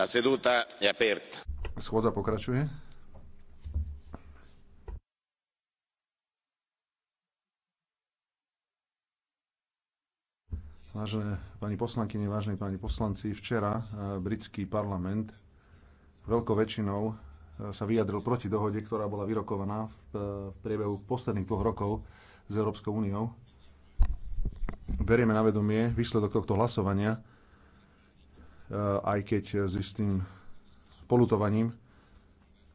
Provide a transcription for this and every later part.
La seduta è aperta. Schôdza pokračuje. Vážené pani poslankyne, vážení pani poslanci, včera eh, britský parlament veľkou väčšinou eh, sa vyjadril proti dohode, ktorá bola vyrokovaná eh, v priebehu posledných dvoch rokov s Európskou úniou. Berieme na vedomie výsledok tohto hlasovania aj keď s istým polutovaním.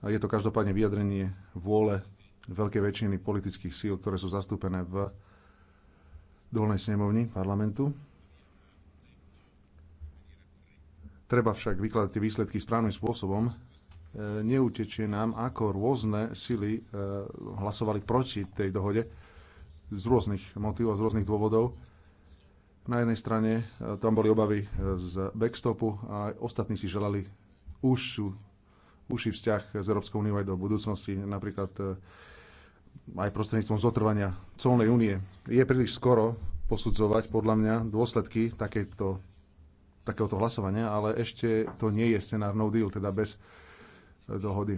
Je to každopádne vyjadrenie vôle veľkej väčšiny politických síl, ktoré sú zastúpené v dolnej snemovni parlamentu. Treba však vykladať tie výsledky správnym spôsobom. E, neutečie nám, ako rôzne sily e, hlasovali proti tej dohode z rôznych motivov, z rôznych dôvodov na jednej strane e, tam boli obavy e, z backstopu a ostatní si želali už uši vzťah s Európskou úniou aj do budúcnosti, napríklad e, aj prostredníctvom zotrvania colnej únie. Je príliš skoro posudzovať podľa mňa dôsledky takéto, takéhoto hlasovania, ale ešte to nie je scenár no deal, teda bez dohody.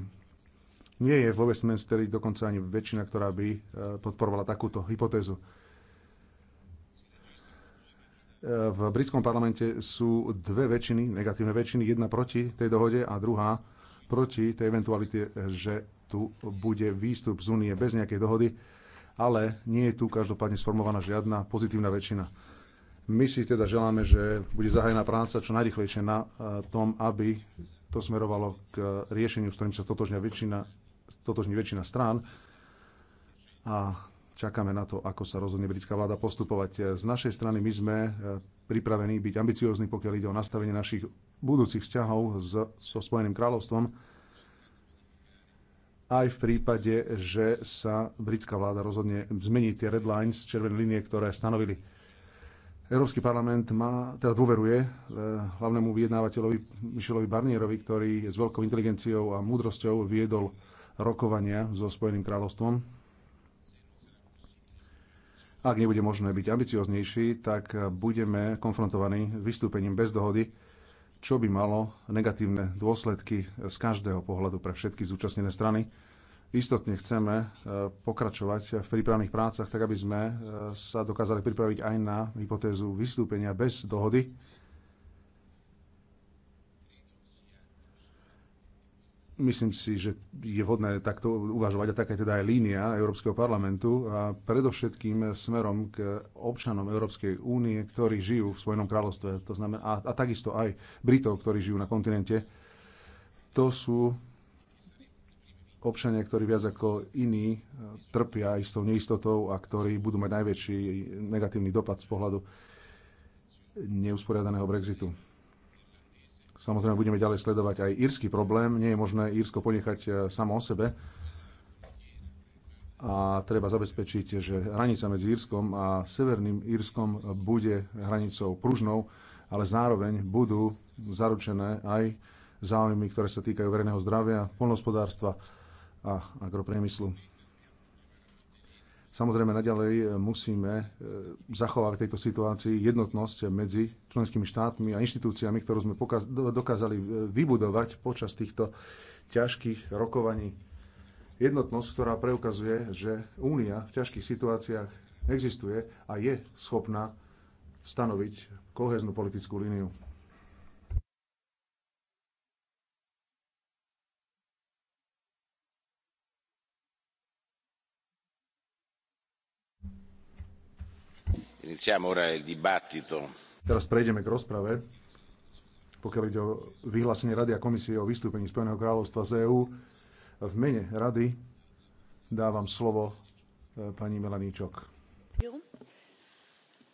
Nie je vo Westminsteri dokonca ani väčšina, ktorá by podporovala takúto hypotézu v britskom parlamente sú dve väčšiny, negatívne väčšiny, jedna proti tej dohode a druhá proti tej eventualite, že tu bude výstup z únie bez nejakej dohody, ale nie je tu každopádne sformovaná žiadna pozitívna väčšina. My si teda želáme, že bude zahajená práca čo najrychlejšie na eh, tom, aby to smerovalo k riešeniu, s ktorým sa stotožňa väčšina, väčšina strán. A čakáme na to, ako sa rozhodne britská vláda postupovať. Z našej strany my sme eh, pripravení byť ambiciózni, pokiaľ ide o nastavenie našich budúcich vzťahov so Spojeným kráľovstvom, aj v prípade, že sa britská vláda rozhodne zmeniť tie red lines, červené linie, ktoré stanovili. Európsky parlament má, teda dôveruje eh, hlavnému vyjednávateľovi Michelovi Barnierovi, ktorý s veľkou inteligenciou a múdrosťou viedol rokovania so Spojeným kráľovstvom ak nebude možné byť ambicioznejší, tak budeme konfrontovaní s vystúpením bez dohody, čo by malo negatívne dôsledky z každého pohľadu pre všetky zúčastnené strany. Istotne chceme e, pokračovať v prípravných prácach, tak aby sme e, sa dokázali pripraviť aj na hypotézu vystúpenia bez dohody Myslím si, že je vhodné takto uvažovať a taká je teda aj línia Európskeho parlamentu a predovšetkým smerom k občanom Európskej únie, ktorí žijú v svojom kráľovstve, to znamená, a, a takisto aj Britov, ktorí žijú na kontinente. To sú občania, ktorí viac ako iní e, trpia istou neistotou a ktorí budú mať najväčší negatívny dopad z pohľadu neusporiadaného Brexitu. Samozrejme, budeme ďalej sledovať aj írsky problém. Nie je možné Írsko ponechať e, samo o sebe. A treba zabezpečiť, že hranica medzi Írskom a Severným Írskom bude hranicou pružnou, ale zároveň budú zaručené aj záujmy, ktoré sa týkajú verejného zdravia, polnospodárstva a agropriemyslu. Samozrejme, naďalej e, musíme e, zachovať v tejto situácii jednotnosť medzi členskými štátmi a inštitúciami, ktorú sme dokázali e, vybudovať počas týchto ťažkých rokovaní. Jednotnosť, ktorá preukazuje, že Únia v ťažkých situáciách existuje a je schopná stanoviť koheznú politickú líniu. Teraz prejdeme k rozprave. Pokiaľ ide o vyhlásenie Rady a komisie o vystúpení Spojeného kráľovstva z EÚ, v mene Rady dávam slovo e, pani Melaníčok.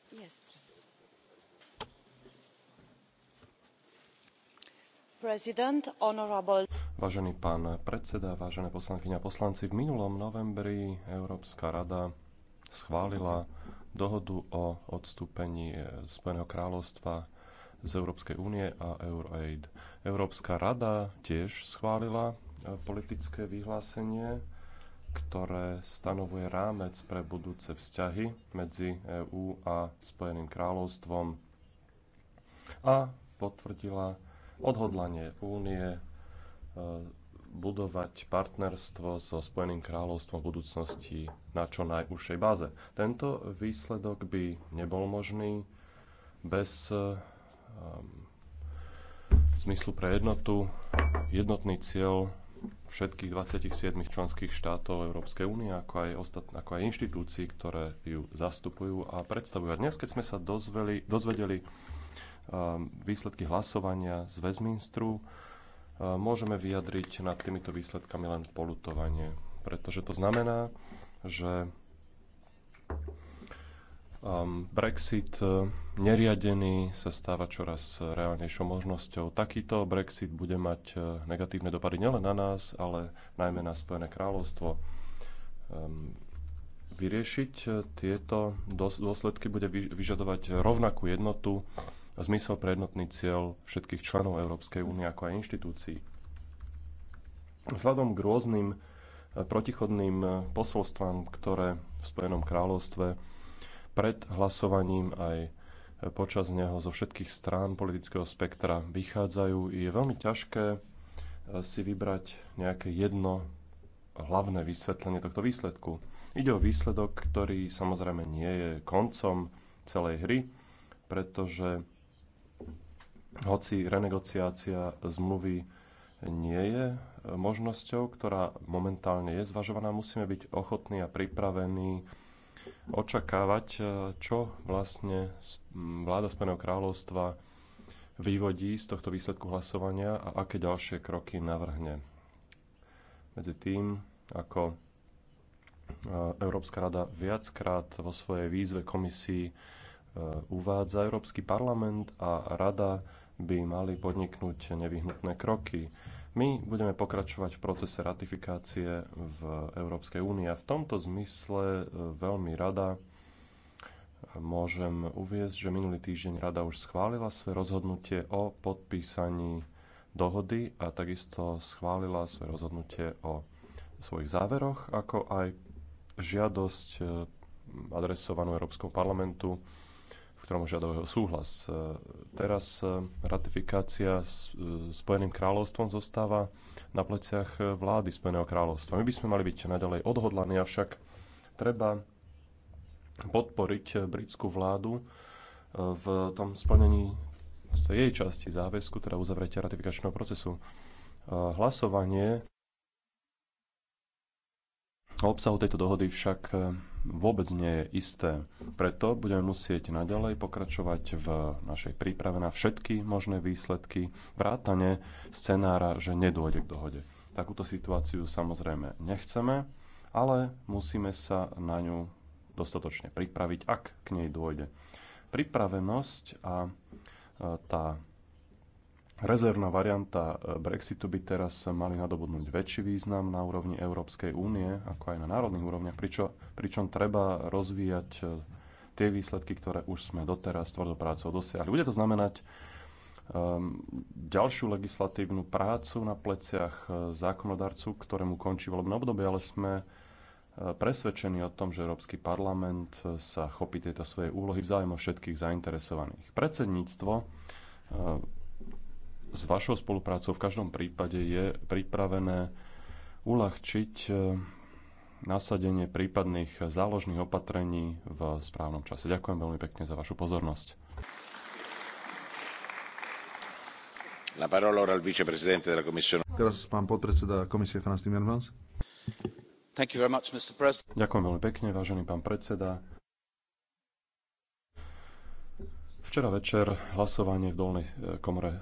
Yes, honorable... Vážený pán predseda, vážené poslankyňa a poslanci, v minulom novembri Európska rada schválila dohodu o odstúpení eh, Spojeného kráľovstva z Európskej únie a EuroAid. Európska rada tiež schválila eh, politické vyhlásenie, ktoré stanovuje rámec pre budúce vzťahy medzi EÚ a Spojeným kráľovstvom a potvrdila odhodlanie únie eh, budovať partnerstvo so Spojeným kráľovstvom v budúcnosti na čo najúžšej báze. Tento výsledok by nebol možný bez um, zmyslu pre jednotu. Jednotný cieľ všetkých 27 členských štátov Európskej únie, ako aj, ostat, ako aj inštitúcií, ktoré ju zastupujú a predstavujú. A dnes, keď sme sa dozveli, dozvedeli um, výsledky hlasovania z Westminsteru, E, môžeme vyjadriť nad týmito výsledkami len polutovanie, pretože to znamená, že um, Brexit e, neriadený sa stáva čoraz reálnejšou možnosťou. Takýto Brexit bude mať e, negatívne dopady nielen na nás, ale najmä na Spojené kráľovstvo. Um, vyriešiť tieto dôsledky bude vyžadovať rovnakú jednotu zmysel pre jednotný cieľ všetkých členov Európskej únie ako aj inštitúcií. Vzhľadom k rôznym e, protichodným e, posolstvám, ktoré v Spojenom kráľovstve pred hlasovaním aj e, počas neho zo všetkých strán politického spektra vychádzajú, je veľmi ťažké si vybrať nejaké jedno hlavné vysvetlenie tohto výsledku. Ide o výsledok, ktorý samozrejme nie je koncom celej hry, pretože hoci renegociácia zmluvy nie je e, možnosťou, ktorá momentálne je zvažovaná, musíme byť ochotní a pripravení očakávať, e, čo vlastne vláda Spojeného kráľovstva vyvodí z tohto výsledku hlasovania a aké ďalšie kroky navrhne. Medzi tým, ako e, Európska rada viackrát vo svojej výzve komisii uvádza Európsky parlament a rada by mali podniknúť nevyhnutné kroky. My budeme pokračovať v procese ratifikácie v Európskej únii a v tomto zmysle e, veľmi rada e, môžem uviezť, že minulý týždeň rada už schválila svoje rozhodnutie o podpísaní dohody a takisto schválila svoje rozhodnutie o svojich záveroch, ako aj žiadosť e, adresovanú Európskom parlamentu ktorom žiadal súhlas. E, teraz e, ratifikácia s e, Spojeným kráľovstvom zostáva na pleciach vlády Spojeného kráľovstva. My by sme mali byť naďalej odhodlaní, avšak treba podporiť britskú vládu v tom splnení jej časti záväzku, teda uzavretia ratifikačného procesu. Hlasovanie Obsahu tejto dohody však e, vôbec nie je isté. Preto budeme musieť naďalej pokračovať v našej príprave na všetky možné výsledky, vrátane scenára, že nedôjde k dohode. Takúto situáciu samozrejme nechceme, ale musíme sa na ňu dostatočne pripraviť, ak k nej dôjde. Pripravenosť a e, tá Rezervná varianta e, Brexitu by teraz mali nadobudnúť väčší význam na úrovni Európskej únie, ako aj na národných úrovniach, pričo, pričom treba rozvíjať e, tie výsledky, ktoré už sme doteraz prácou dosiahli. Bude to znamenať um, ďalšiu legislatívnu prácu na pleciach e, zákonodarcu, ktorému končí volebné obdobie, ale sme presvedčení o tom, že Európsky parlament sa chopí tejto svojej úlohy v všetkých zainteresovaných. Predsedníctvo s vašou spoluprácou v každom prípade je pripravené uľahčiť eh, nasadenie prípadných záložných opatrení v správnom čase. Ďakujem veľmi pekne za vašu pozornosť. Teraz pán podpredseda komisie Franz Timmermans. Much, Ďakujem veľmi pekne, vážený pán predseda. Včera večer hlasovanie v dolnej eh, komore eh,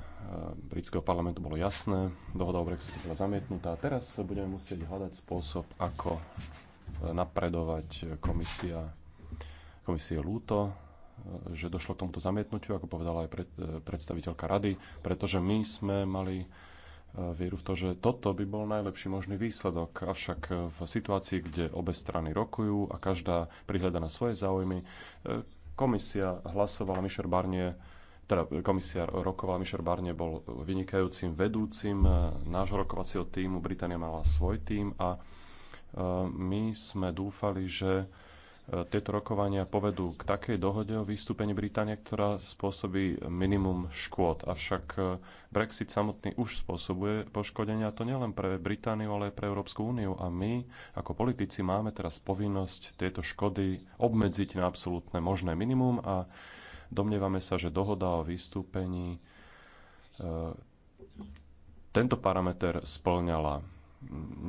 britského parlamentu bolo jasné, dohoda o Brexitu bola zamietnutá a teraz budeme musieť hľadať spôsob, ako eh, napredovať komisia, komisie Lúto, že došlo k tomuto zamietnutiu, ako povedala aj pred, predstaviteľka rady, pretože my sme mali vieru v to, že toto by bol najlepší možný výsledok. Avšak v situácii, kde obe strany rokujú a každá prihľada na svoje záujmy, Komisia hlasovala, Michel Barnier, teda komisia rokovala, Michel Barnier bol vynikajúcim vedúcim e, nášho rokovacieho týmu, Británia mala svoj tým a e, my sme dúfali, že E, tieto rokovania povedú k takej dohode o vystúpení Británie, ktorá spôsobí minimum škôd. Avšak e, Brexit samotný už spôsobuje poškodenia, to nielen pre Britániu, ale aj pre Európsku úniu. A my, ako politici, máme teraz povinnosť tieto škody obmedziť na absolútne možné minimum a domnievame sa, že dohoda o vystúpení e, tento parameter splňala.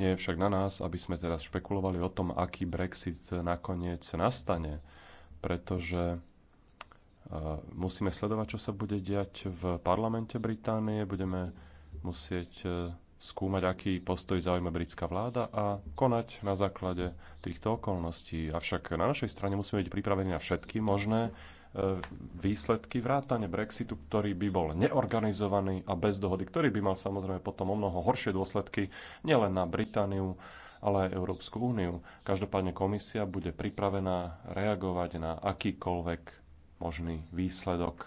Nie je však na nás, aby sme teraz špekulovali o tom, aký Brexit nakoniec nastane, pretože e, musíme sledovať, čo sa bude diať v parlamente Británie, budeme musieť e, skúmať, aký postoj zaujíma britská vláda a konať na základe týchto okolností. Avšak na našej strane musíme byť pripravení na všetky možné výsledky vrátane Brexitu, ktorý by bol neorganizovaný a bez dohody, ktorý by mal samozrejme potom o mnoho horšie dôsledky nielen na Britániu, ale aj Európsku úniu. Každopádne komisia bude pripravená reagovať na akýkoľvek možný výsledok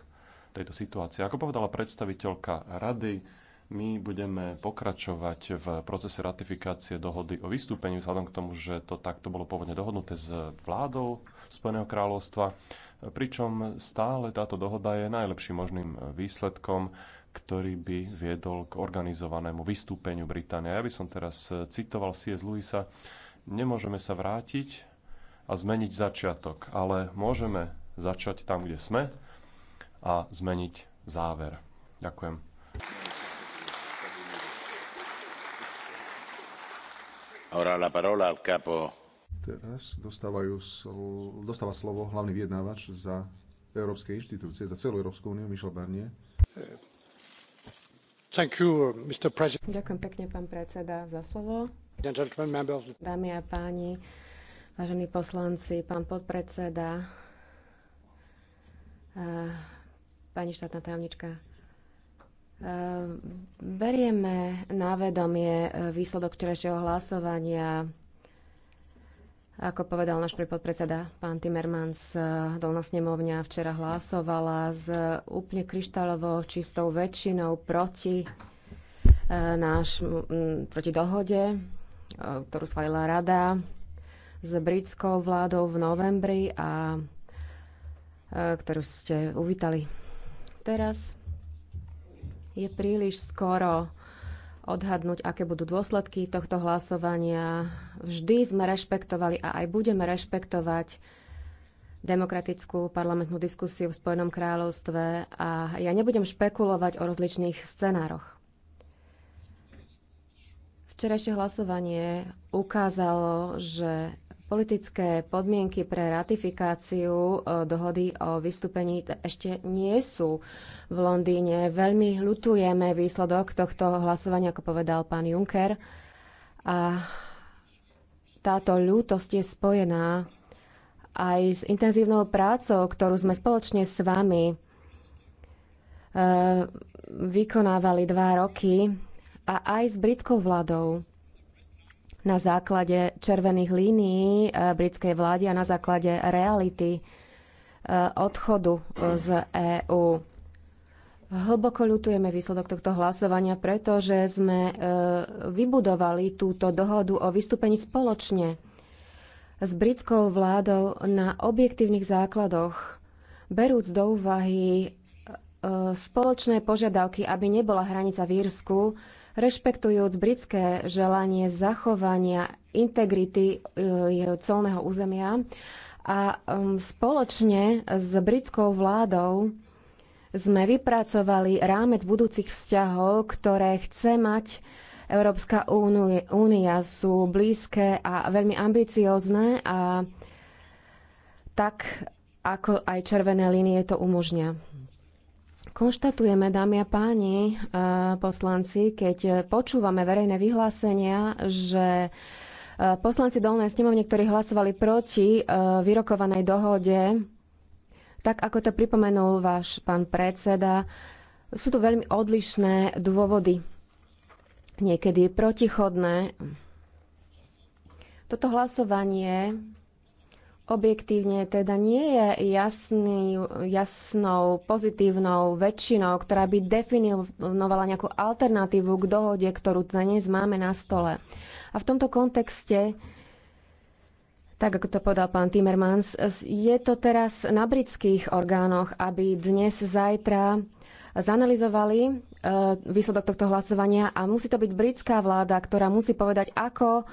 tejto situácie. Ako povedala predstaviteľka rady, my budeme pokračovať v procese ratifikácie dohody o vystúpení, vzhľadom k tomu, že to takto bolo pôvodne dohodnuté s vládou Spojeného kráľovstva pričom stále táto dohoda je najlepším možným výsledkom, ktorý by viedol k organizovanému vystúpeniu Británie. Ja by som teraz citoval C.S. Lewisa, nemôžeme sa vrátiť a zmeniť začiatok, ale môžeme začať tam, kde sme a zmeniť záver. Ďakujem. Ora la parola al capo Teraz dostávajú, dostáva slovo hlavný vyjednávač za európske inštitúcie, za celú Európsku úniu, Michel Barnier. You, Ďakujem pekne, pán predseda, za slovo. Dámy a páni, vážení poslanci, pán podpredseda, eh, pani štátna tajomnička, eh, berieme na vedomie eh, výsledok včerajšieho hlasovania ako povedal náš podpredseda pán Timmermans, eh, dolná snemovňa včera hlasovala s eh, úplne kryštálovo čistou väčšinou proti, eh, náš, mm, proti dohode, ktorú schválila rada s britskou vládou v novembri a ktorú ste uvítali. Teraz je príliš skoro odhadnúť, aké budú dôsledky tohto hlasovania. Vždy sme rešpektovali a aj budeme rešpektovať demokratickú parlamentnú diskusiu v Spojenom kráľovstve a ja nebudem špekulovať o rozličných scenároch. Včerajšie hlasovanie ukázalo, že Politické podmienky pre ratifikáciu e, dohody o vystúpení ešte nie sú v Londýne. Veľmi ľutujeme výsledok tohto hlasovania, ako povedal pán Juncker. A táto ľútosť je spojená aj s intenzívnou prácou, ktorú sme spoločne s vami e, vykonávali dva roky a aj s britskou vládou na základe červených línií e, britskej vlády a na základe reality e, odchodu e, z EÚ. Hlboko ľutujeme výsledok tohto hlasovania, pretože sme vybudovali túto dohodu o vystúpení spoločne s britskou vládou na objektívnych základoch, berúc do úvahy spoločné požiadavky, aby nebola hranica v Írsku, rešpektujúc britské želanie zachovania integrity e, jeho colného územia a um, spoločne s britskou vládou sme vypracovali rámec budúcich vzťahov, ktoré chce mať Európska únia. Sú blízke a veľmi ambiciozne a tak, ako aj červené línie to umožňa. Konštatujeme, dámy a páni e, poslanci, keď počúvame verejné vyhlásenia, že e, poslanci Dolnej snemovne, ktorí hlasovali proti e, vyrokovanej dohode, tak ako to pripomenul váš pán predseda, sú to veľmi odlišné dôvody. Niekedy protichodné. Toto hlasovanie Objektívne teda nie je jasný, jasnou, pozitívnou väčšinou, ktorá by definovala nejakú alternatívu k dohode, ktorú dnes máme na stole. A v tomto kontexte, tak ako to podal pán Timmermans, je to teraz na britských orgánoch, aby dnes, zajtra zanalizovali e, výsledok tohto hlasovania a musí to byť britská vláda, ktorá musí povedať, ako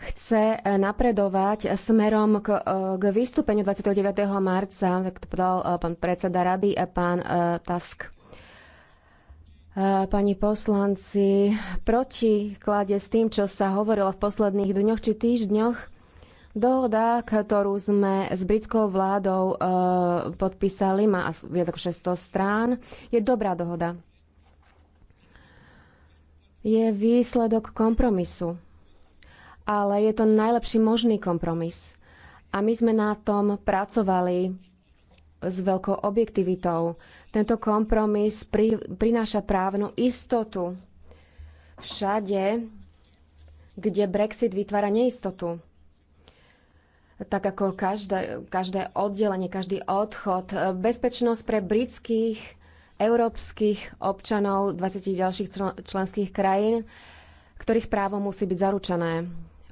chce e, napredovať smerom k, e, k vystúpeniu 29. marca, tak to povedal e, pán predseda rady a pán Tusk. Pani poslanci, proti klade s tým, čo sa hovorilo v posledných dňoch či týždňoch, dohoda, ktorú sme s britskou vládou podpísali, má viac ako 600 strán, je dobrá dohoda. Je výsledok kompromisu ale je to najlepší možný kompromis. A my sme na tom pracovali s veľkou objektivitou. Tento kompromis pri, prináša právnu istotu všade, kde Brexit vytvára neistotu. Tak ako každé, každé oddelenie, každý odchod, bezpečnosť pre britských, európskych občanov 20 ďalších členských krajín, ktorých právo musí byť zaručené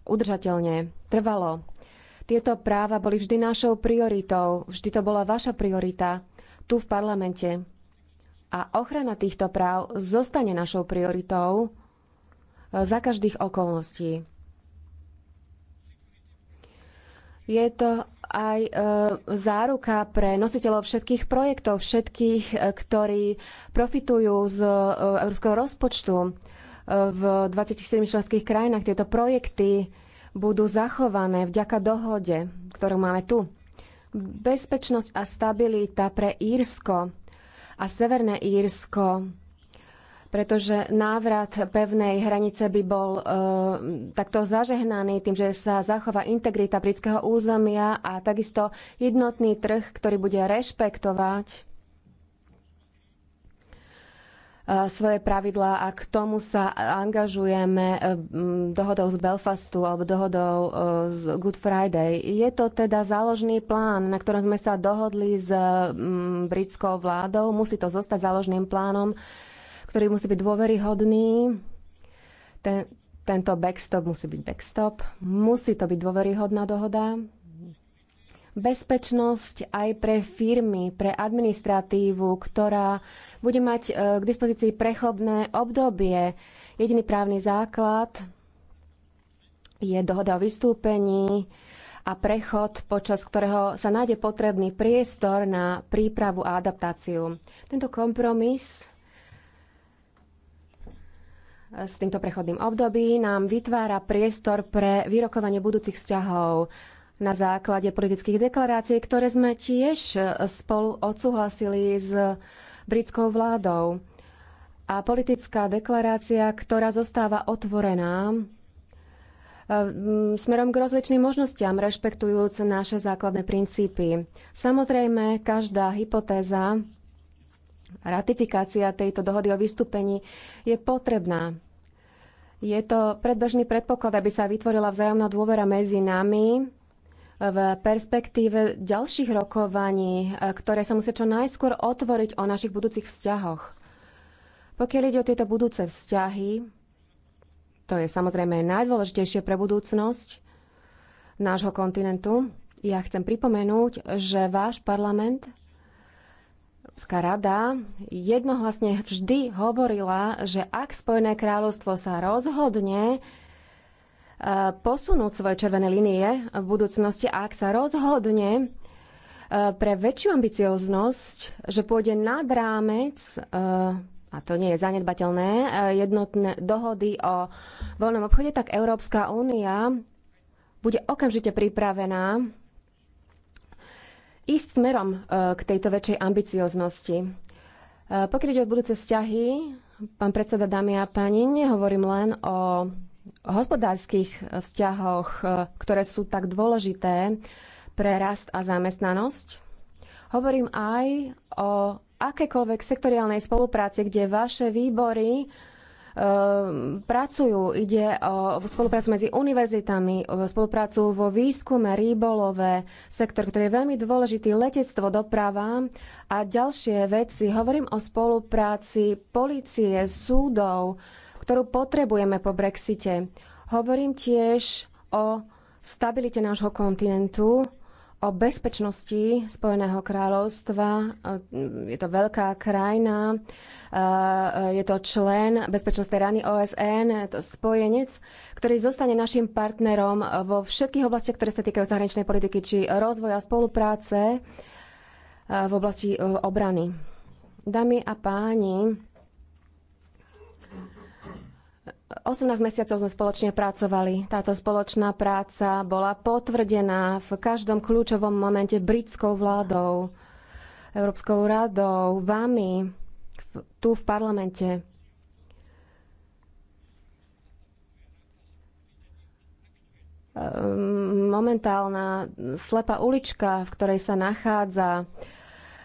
udržateľne, trvalo. Tieto práva boli vždy našou prioritou, vždy to bola vaša priorita tu v parlamente. A ochrana týchto práv zostane našou prioritou e, za každých okolností. Je to aj e, záruka pre nositeľov všetkých projektov, všetkých, e, ktorí profitujú z e, európskeho rozpočtu v 27 členských krajinách. Tieto projekty budú zachované vďaka dohode, ktorú máme tu. Bezpečnosť a stabilita pre Írsko a Severné Írsko pretože návrat pevnej hranice by bol e, takto zažehnaný tým, že sa zachová integrita britského územia a takisto jednotný trh, ktorý bude rešpektovať E, svoje pravidlá a k tomu sa angažujeme e, dohodou z Belfastu alebo dohodou e, z Good Friday. Je to teda záložný plán, na ktorom sme sa dohodli s britskou vládou. Musí to zostať záložným plánom, ktorý musí byť dôveryhodný. Ten, tento backstop musí byť backstop. Musí to byť dôveryhodná dohoda bezpečnosť aj pre firmy, pre administratívu, ktorá bude mať e, k dispozícii prechodné obdobie. Jediný právny základ je dohoda o vystúpení a prechod, počas ktorého sa nájde potrebný priestor na prípravu a adaptáciu. Tento kompromis e, s týmto prechodným obdobím nám vytvára priestor pre vyrokovanie budúcich vzťahov na základe politických deklarácií, ktoré sme tiež e, spolu odsúhlasili s britskou vládou. A politická deklarácia, ktorá zostáva otvorená e, smerom k rozličným možnostiam, rešpektujúc naše základné princípy. Samozrejme, každá hypotéza ratifikácia tejto dohody o vystúpení je potrebná. Je to predbežný predpoklad, aby sa vytvorila vzájomná dôvera medzi nami v perspektíve ďalších rokovaní, e, ktoré sa musia čo najskôr otvoriť o našich budúcich vzťahoch. Pokiaľ ide o tieto budúce vzťahy, to je samozrejme najdôležitejšie pre budúcnosť nášho kontinentu. Ja chcem pripomenúť, že váš parlament Európska rada jednohlasne vždy hovorila, že ak Spojené kráľovstvo sa rozhodne posunúť svoje červené línie v budúcnosti a ak sa rozhodne e, pre väčšiu ambicioznosť, že pôjde nad rámec, e, a to nie je zanedbateľné, e, jednotné dohody o voľnom obchode, tak Európska únia bude okamžite pripravená ísť smerom k tejto väčšej ambicioznosti. Pokiaľ ide o budúce vzťahy, pán predseda, dámy a páni, nehovorím len o hospodárskych eh, vzťahoch, eh, ktoré sú tak dôležité pre rast a zamestnanosť. Hovorím aj o akékoľvek sektoriálnej spolupráci, kde vaše výbory e, pracujú. Ide o spoluprácu medzi univerzitami, o spoluprácu vo výskume, rýbolové, sektor, ktorý je veľmi dôležitý, letectvo, doprava a ďalšie veci. Hovorím o spolupráci policie, súdov, ktorú potrebujeme po Brexite. Hovorím tiež o stabilite nášho kontinentu, o bezpečnosti Spojeného kráľovstva. Je to veľká krajina, eh, je to člen Bezpečnostnej rany OSN, je to spojenec, ktorý zostane našim partnerom vo všetkých oblastiach, ktoré sa týkajú zahraničnej politiky, či rozvoja spolupráce eh, v oblasti eh, obrany. Dámy a páni, 18 mesiacov sme spoločne pracovali. Táto spoločná práca bola potvrdená v každom kľúčovom momente britskou vládou, Európskou radou, vami, tu v parlamente. Ehm, momentálna slepá ulička, v ktorej sa nachádza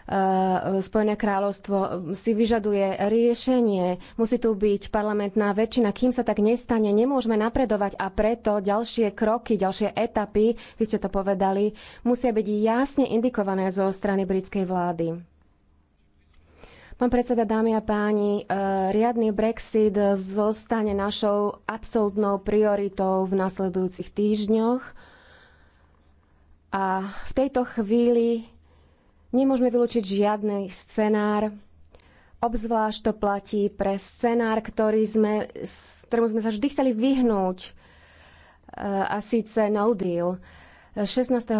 Eh, Spojené kráľovstvo si vyžaduje riešenie. Musí tu byť parlamentná väčšina. Kým sa tak nestane, nemôžeme napredovať a preto ďalšie kroky, ďalšie etapy, vy ste to povedali, musia byť jasne indikované zo strany britskej vlády. Pán predseda, dámy a páni, eh, riadny Brexit zostane našou absolútnou prioritou v nasledujúcich týždňoch. A v tejto chvíli Nemôžeme vylúčiť žiadny scenár, obzvlášť to platí pre scenár, ktorý sme, ktorému sme sa vždy chceli vyhnúť, e, a síce no deal. 16. E,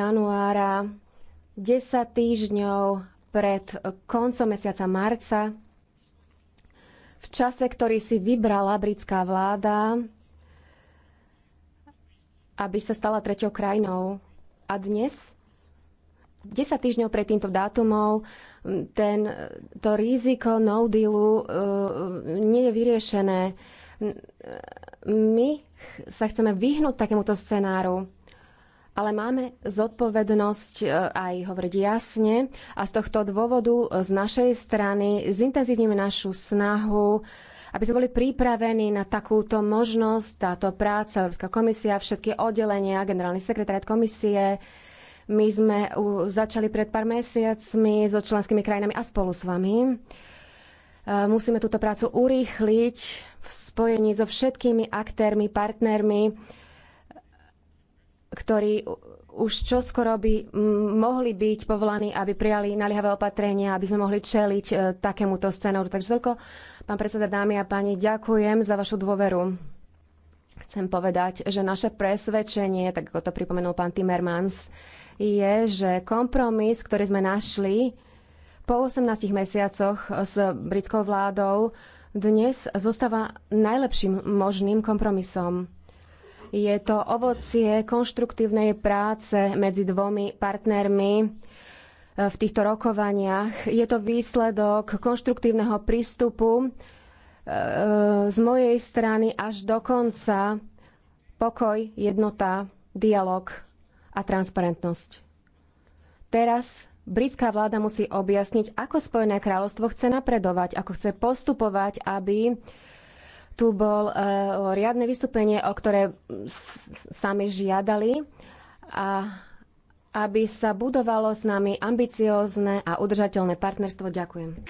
januára, 10 týždňov pred koncom mesiaca marca, v čase, ktorý si vybrala britská vláda, aby sa stala treťou krajinou. A dnes 10 týždňov pred týmto dátumom ten, e, to riziko no dealu uh, nie je vyriešené. E, my sa chceme vyhnúť takémuto scenáru, ale máme zodpovednosť aj hovoriť jasne a z tohto dôvodu z našej strany zintenzívnime našu snahu aby sme boli pripravení na takúto možnosť, táto práca, Európska komisia, všetky oddelenia, generálny sekretariat komisie, my sme začali pred pár mesiacmi so členskými krajinami a spolu s vami. E, musíme túto prácu urýchliť v spojení so všetkými aktérmi, partnermi, ktorí už čoskoro by mohli byť povolaní, aby prijali naliehavé opatrenia, aby sme mohli čeliť e, takémuto scénoru. Takže toľko, pán predseda, dámy a páni, ďakujem za vašu dôveru. Chcem povedať, že naše presvedčenie, tak ako to pripomenul pán Timmermans, je, že kompromis, ktorý sme našli po 18 mesiacoch s britskou vládou, dnes zostáva najlepším možným kompromisom. Je to ovocie konštruktívnej práce medzi dvomi partnermi v týchto rokovaniach. Je to výsledok konštruktívneho prístupu e, z mojej strany až do konca. Pokoj, jednota, dialog a transparentnosť. Teraz britská vláda musí objasniť, ako Spojené kráľovstvo chce napredovať, ako chce postupovať, aby tu bol e, riadne vystúpenie, o ktoré sami žiadali a aby sa budovalo s nami ambiciózne a udržateľné partnerstvo. Ďakujem.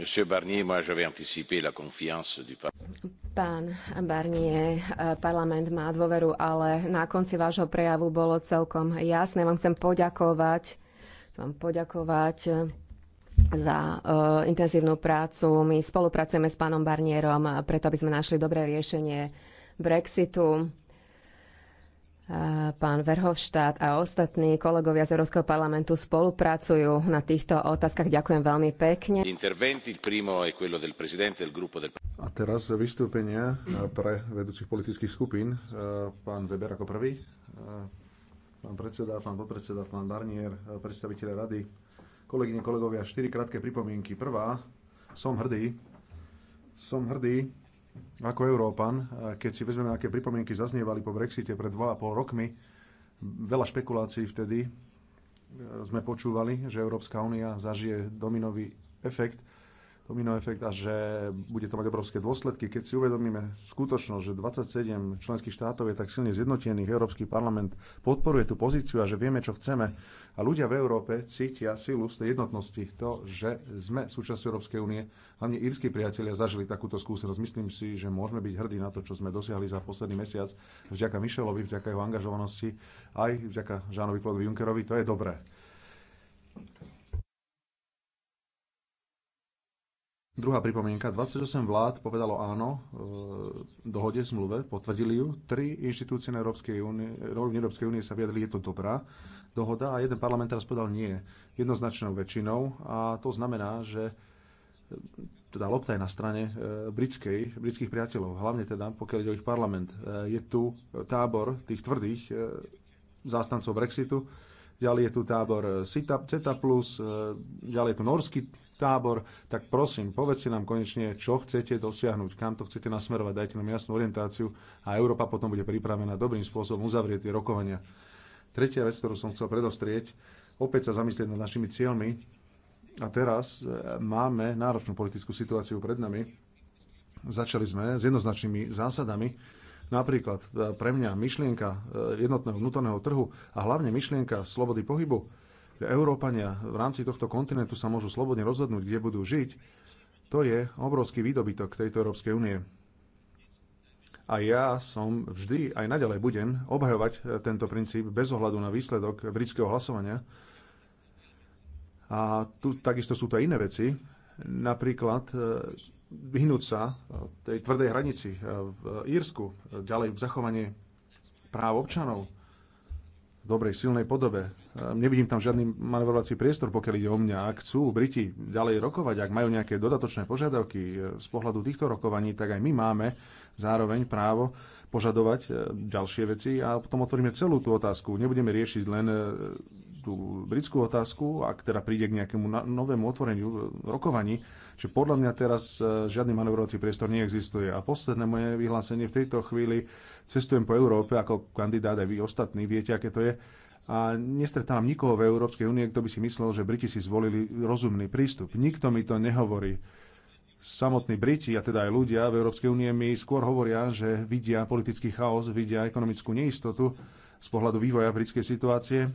Monsieur Barnier, moi j'avais anticipé la confiance du Pán Barnier, eh, parlament má dôveru, ale na konci vášho prejavu bolo celkom jasné. Vám chcem poďakovať, chcem vám poďakovať eh, za uh, intenzívnu prácu. My spolupracujeme s pánom Barnierom, preto aby sme našli dobré riešenie Brexitu pán Verhofštát a ostatní kolegovia z Európskeho parlamentu spolupracujú na týchto otázkach. Ďakujem veľmi pekne. A teraz vystúpenia eh, pre vedúcich politických skupín. Eh, pán Weber ako prvý, eh, pán predseda, pán podpredseda, pán Barnier, predstaviteľe rady, kolegyne, kolegovia, štyri krátke pripomienky. Prvá, som hrdý, som hrdý ako Európan, eh, keď si vezmeme, aké pripomienky zaznievali po Brexite pred 2,5 rokmi, veľa špekulácií vtedy eh, sme počúvali, že Európska únia zažije dominový efekt domino efekt a že bude to mať obrovské dôsledky. Keď si uvedomíme skutočnosť, že 27 členských štátov je tak silne zjednotených, Európsky parlament podporuje tú pozíciu a že vieme, čo chceme. A ľudia v Európe cítia silu z tej jednotnosti, to, že sme súčasťou Európskej únie. Hlavne írsky priatelia zažili takúto skúsenosť. Myslím si, že môžeme byť hrdí na to, čo sme dosiahli za posledný mesiac. Vďaka Michelovi, vďaka jeho angažovanosti, aj vďaka Žánovi Klodovi Junkerovi. To je dobré. Druhá pripomienka, 28 vlád povedalo áno e, dohode, zmluve, potvrdili ju. Tri inštitúcie na Európskej únie, Európskej únie sa vyjadrili, je to dobrá dohoda a jeden parlament teraz povedal nie jednoznačnou väčšinou a to znamená, že e, teda lopta je na strane e, britskej, britských priateľov, hlavne teda pokiaľ ide o ich parlament. E, je tu tábor tých tvrdých zástancov Brexitu, ďalej je tu tábor CETA+, ďalej je tu norský tábor, tak prosím, povedzte nám konečne, čo chcete dosiahnuť, kam to chcete nasmerovať, dajte nám jasnú orientáciu a Európa potom bude pripravená dobrým spôsobom uzavrieť tie rokovania. Tretia vec, ktorú som chcel predostrieť, opäť sa zamyslieť nad našimi cieľmi. A teraz e, máme náročnú politickú situáciu pred nami. Začali sme s jednoznačnými zásadami, Napríklad e, pre mňa myšlienka e, jednotného vnútorného trhu a hlavne myšlienka slobody pohybu Európania v rámci tohto kontinentu sa môžu slobodne rozhodnúť, kde budú žiť, to je obrovský výdobytok tejto Európskej únie. A ja som vždy, aj naďalej budem, obhajovať e, tento princíp bez ohľadu na výsledok britského hlasovania. A tu takisto sú to aj iné veci. Napríklad e, vyhnúť sa e, tej tvrdej hranici v Írsku, ďalej zachovanie práv občanov v dobrej, silnej podobe, Ehm, nevidím tam žiadny manevrovací priestor, pokiaľ ide o mňa. Ak chcú Briti ďalej rokovať, ak majú nejaké dodatočné požiadavky e, z pohľadu týchto rokovaní, tak aj my máme zároveň právo požadovať e, ďalšie veci a potom otvoríme celú tú otázku. Nebudeme riešiť len e, tú britskú otázku, ak teda príde k nejakému novému otvoreniu rokovaní, že podľa mňa teraz žiadny manevrovací priestor neexistuje. A posledné moje vyhlásenie v tejto chvíli cestujem po Európe ako kandidát aj vy ostatní, viete, aké to je a nestretávam nikoho v Európskej únie, kto by si myslel, že Briti si zvolili rozumný prístup. Nikto mi to nehovorí. Samotní Briti, a teda aj ľudia v Európskej únie mi skôr hovoria, že vidia politický chaos, vidia ekonomickú neistotu z pohľadu vývoja britskej situácie.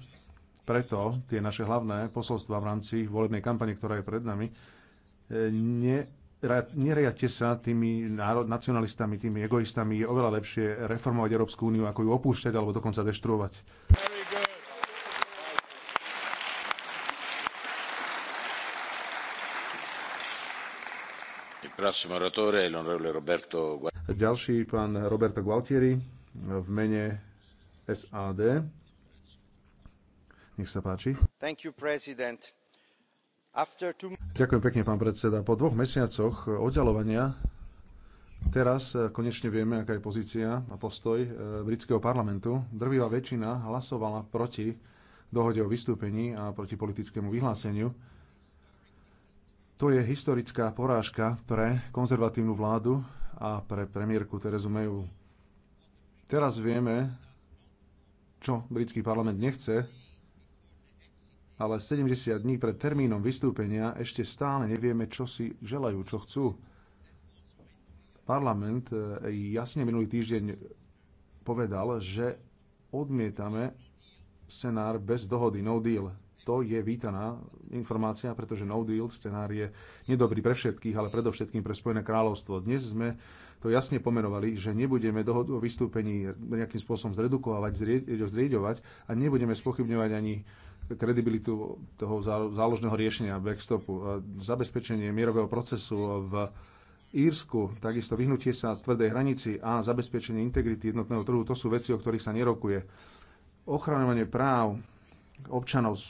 Preto tie naše hlavné posolstva v rámci volebnej kampane, ktorá je pred nami, e, ne, neriate sa tými národ, nacionalistami, tými egoistami. Je oveľa lepšie reformovať Európsku úniu, ako ju opúšťať alebo dokonca deštruovať. Ďalší pán Roberto Gualtieri v mene SAD. Nech sa páči. You, two... Ďakujem pekne, pán predseda. Po dvoch mesiacoch oddalovania teraz eh, konečne vieme, aká je pozícia a postoj eh, britského parlamentu. Drvivá väčšina hlasovala proti dohode o vystúpení a proti politickému vyhláseniu to je historická porážka pre konzervatívnu vládu a pre premiérku Terezu Mayovú. Teraz vieme, čo britský parlament nechce, ale 70 dní pred termínom vystúpenia ešte stále nevieme, čo si želajú, čo chcú. Parlament eh, jasne minulý týždeň povedal, že odmietame scenár bez dohody, no deal to je vítaná informácia, pretože no deal scenár je nedobrý pre všetkých, ale predovšetkým pre Spojené kráľovstvo. Dnes sme to jasne pomenovali, že nebudeme dohodu o vystúpení nejakým spôsobom zredukovať, zrieďovať a nebudeme spochybňovať ani kredibilitu toho záložného riešenia backstopu, zabezpečenie mierového procesu v Írsku, takisto vyhnutie sa tvrdej hranici a zabezpečenie integrity jednotného trhu, to sú veci, o ktorých sa nerokuje. Ochranovanie práv občanov z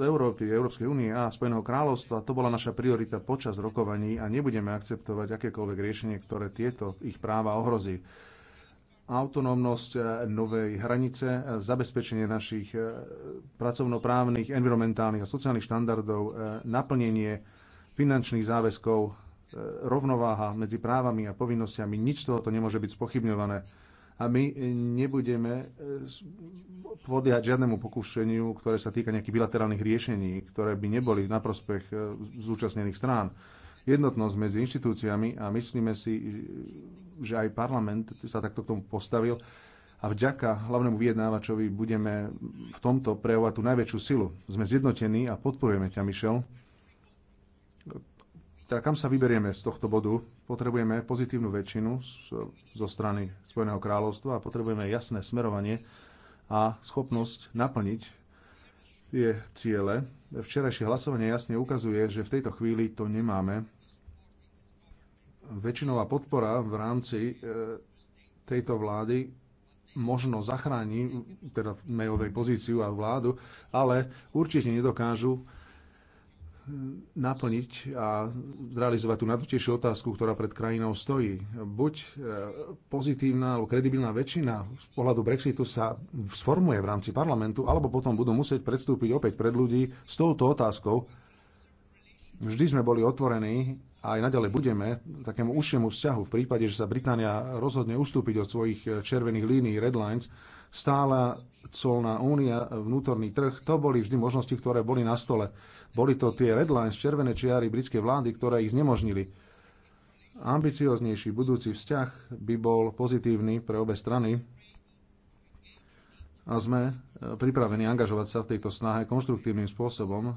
Európy, Európskej únie a Spojeného kráľovstva. To bola naša priorita počas rokovaní a nebudeme akceptovať akékoľvek riešenie, ktoré tieto ich práva ohrozí. Autonómnosť novej hranice, zabezpečenie našich eh, pracovnoprávnych, environmentálnych a sociálnych štandardov, eh, naplnenie finančných záväzkov, eh, rovnováha medzi právami a povinnosťami, nič z toho to nemôže byť spochybňované a my nebudeme e, podliehať žiadnemu pokúšeniu, ktoré sa týka nejakých bilaterálnych riešení, ktoré by neboli na prospech e, zúčastnených strán. Jednotnosť medzi inštitúciami a myslíme si, že aj parlament sa takto k tomu postavil a vďaka hlavnému vyjednávačovi budeme v tomto prejavovať tú najväčšiu silu. Sme zjednotení a podporujeme ťa, Mišel. Teda kam sa vyberieme z tohto bodu? Potrebujeme pozitívnu väčšinu zo strany Spojeného kráľovstva a potrebujeme jasné smerovanie a schopnosť naplniť tie ciele. Včerajšie hlasovanie jasne ukazuje, že v tejto chvíli to nemáme. Väčšinová podpora v rámci e, tejto vlády možno zachráni teda mejovej pozíciu a vládu, ale určite nedokážu naplniť a zrealizovať tú najdôležitejšiu otázku, ktorá pred krajinou stojí. Buď e, pozitívna alebo kredibilná väčšina z pohľadu Brexitu sa sformuje v rámci parlamentu, alebo potom budú musieť predstúpiť opäť pred ľudí s touto otázkou. Vždy sme boli otvorení aj naďalej budeme takému užšiemu vzťahu v prípade, že sa Británia rozhodne ustúpiť od svojich červených línií Red Lines, stála colná únia, vnútorný trh, to boli vždy možnosti, ktoré boli na stole. Boli to tie Red Lines, červené čiary britskej vlády, ktoré ich znemožnili. Ambicioznejší budúci vzťah by bol pozitívny pre obe strany a sme pripravení angažovať sa v tejto snahe konštruktívnym spôsobom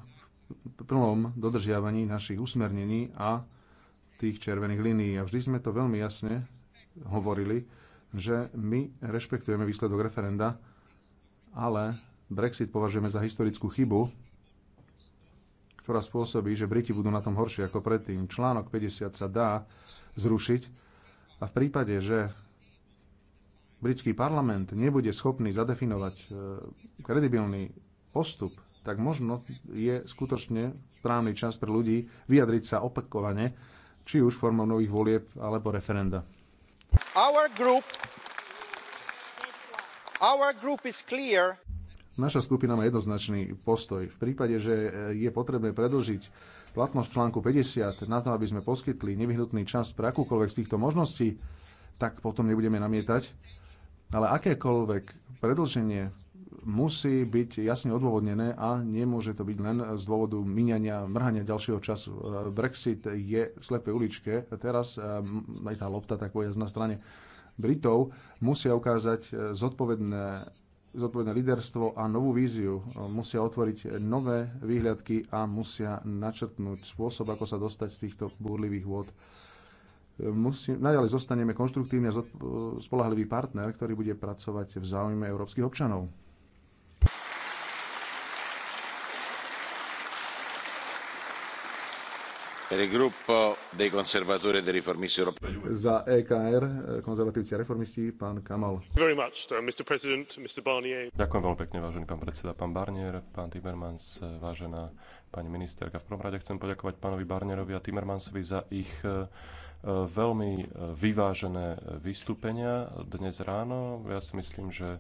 plnom dodržiavaní našich usmernení a tých červených línií. A vždy sme to veľmi jasne hovorili, že my rešpektujeme výsledok referenda, ale Brexit považujeme za historickú chybu, ktorá spôsobí, že Briti budú na tom horšie ako predtým. Článok 50 sa dá zrušiť a v prípade, že britský parlament nebude schopný zadefinovať eh, kredibilný postup tak možno je skutočne správny čas pre ľudí vyjadriť sa opakovane, či už formou nových volieb alebo referenda. Our group, our group is clear. Naša skupina má jednoznačný postoj. V prípade, že e, je potrebné predlžiť platnosť článku 50 na to, aby sme poskytli nevyhnutný čas pre akúkoľvek z týchto možností, tak potom nebudeme namietať. Ale akékoľvek predlženie musí byť jasne odôvodnené a nemôže to byť len z dôvodu miniania, mrhania ďalšieho času. E, Brexit je v slepej uličke. Teraz e, aj tá lopta tak povedať na strane Britov musia ukázať e, zodpovedné zodpovedné liderstvo a novú víziu. Musia otvoriť nové výhľadky a musia načrtnúť spôsob, ako sa dostať z týchto búrlivých vôd. Musím, naďalej zostaneme a spolahlivý partner, ktorý bude pracovať v záujme európskych občanov. E za EKR, konzervatívci a reformisti, pán Kamal. Uh, Ďakujem veľmi pekne, vážený pán predseda, pán Barnier, pán Timmermans, uh, vážená pani ministerka. V prvom rade chcem poďakovať pánovi Barnierovi a Timmermansovi za ich uh, veľmi vyvážené vystúpenia dnes ráno. Ja si myslím, že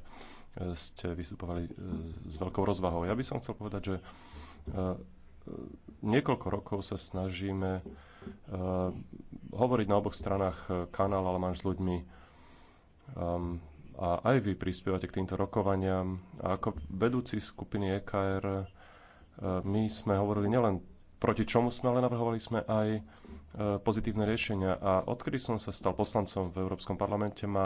ste vystupovali s veľkou rozvahou. Ja by som chcel povedať, že niekoľko rokov sa snažíme eh, hovoriť na oboch stranách eh, kanál Alman s ľuďmi. Ehm, a aj vy prispievate k týmto rokovaniam. A ako vedúci skupiny EKR eh, my sme hovorili nielen proti čomu sme, ale navrhovali sme aj pozitívne riešenia. A odkedy som sa stal poslancom v Európskom parlamente, ma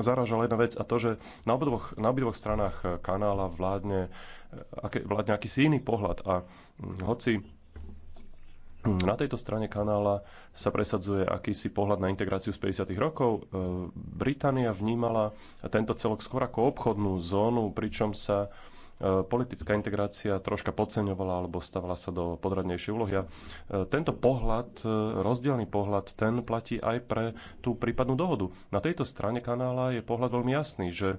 zaražala jedna vec a to, že na obidvoch, na obidvoch stranách eh, kanála vládne, eh, aké, vládne akýsi iný pohľad a hm, hoci hm, na tejto strane kanála sa presadzuje akýsi pohľad na integráciu z 50. rokov. Eh, Británia vnímala tento celok skôr ako obchodnú zónu, pričom sa E, politická integrácia troška podceňovala alebo stavala sa do podradnejšej úlohy. A e, tento pohľad, e, rozdielny pohľad, ten platí aj pre tú prípadnú dohodu. Na tejto strane kanála je pohľad veľmi jasný, že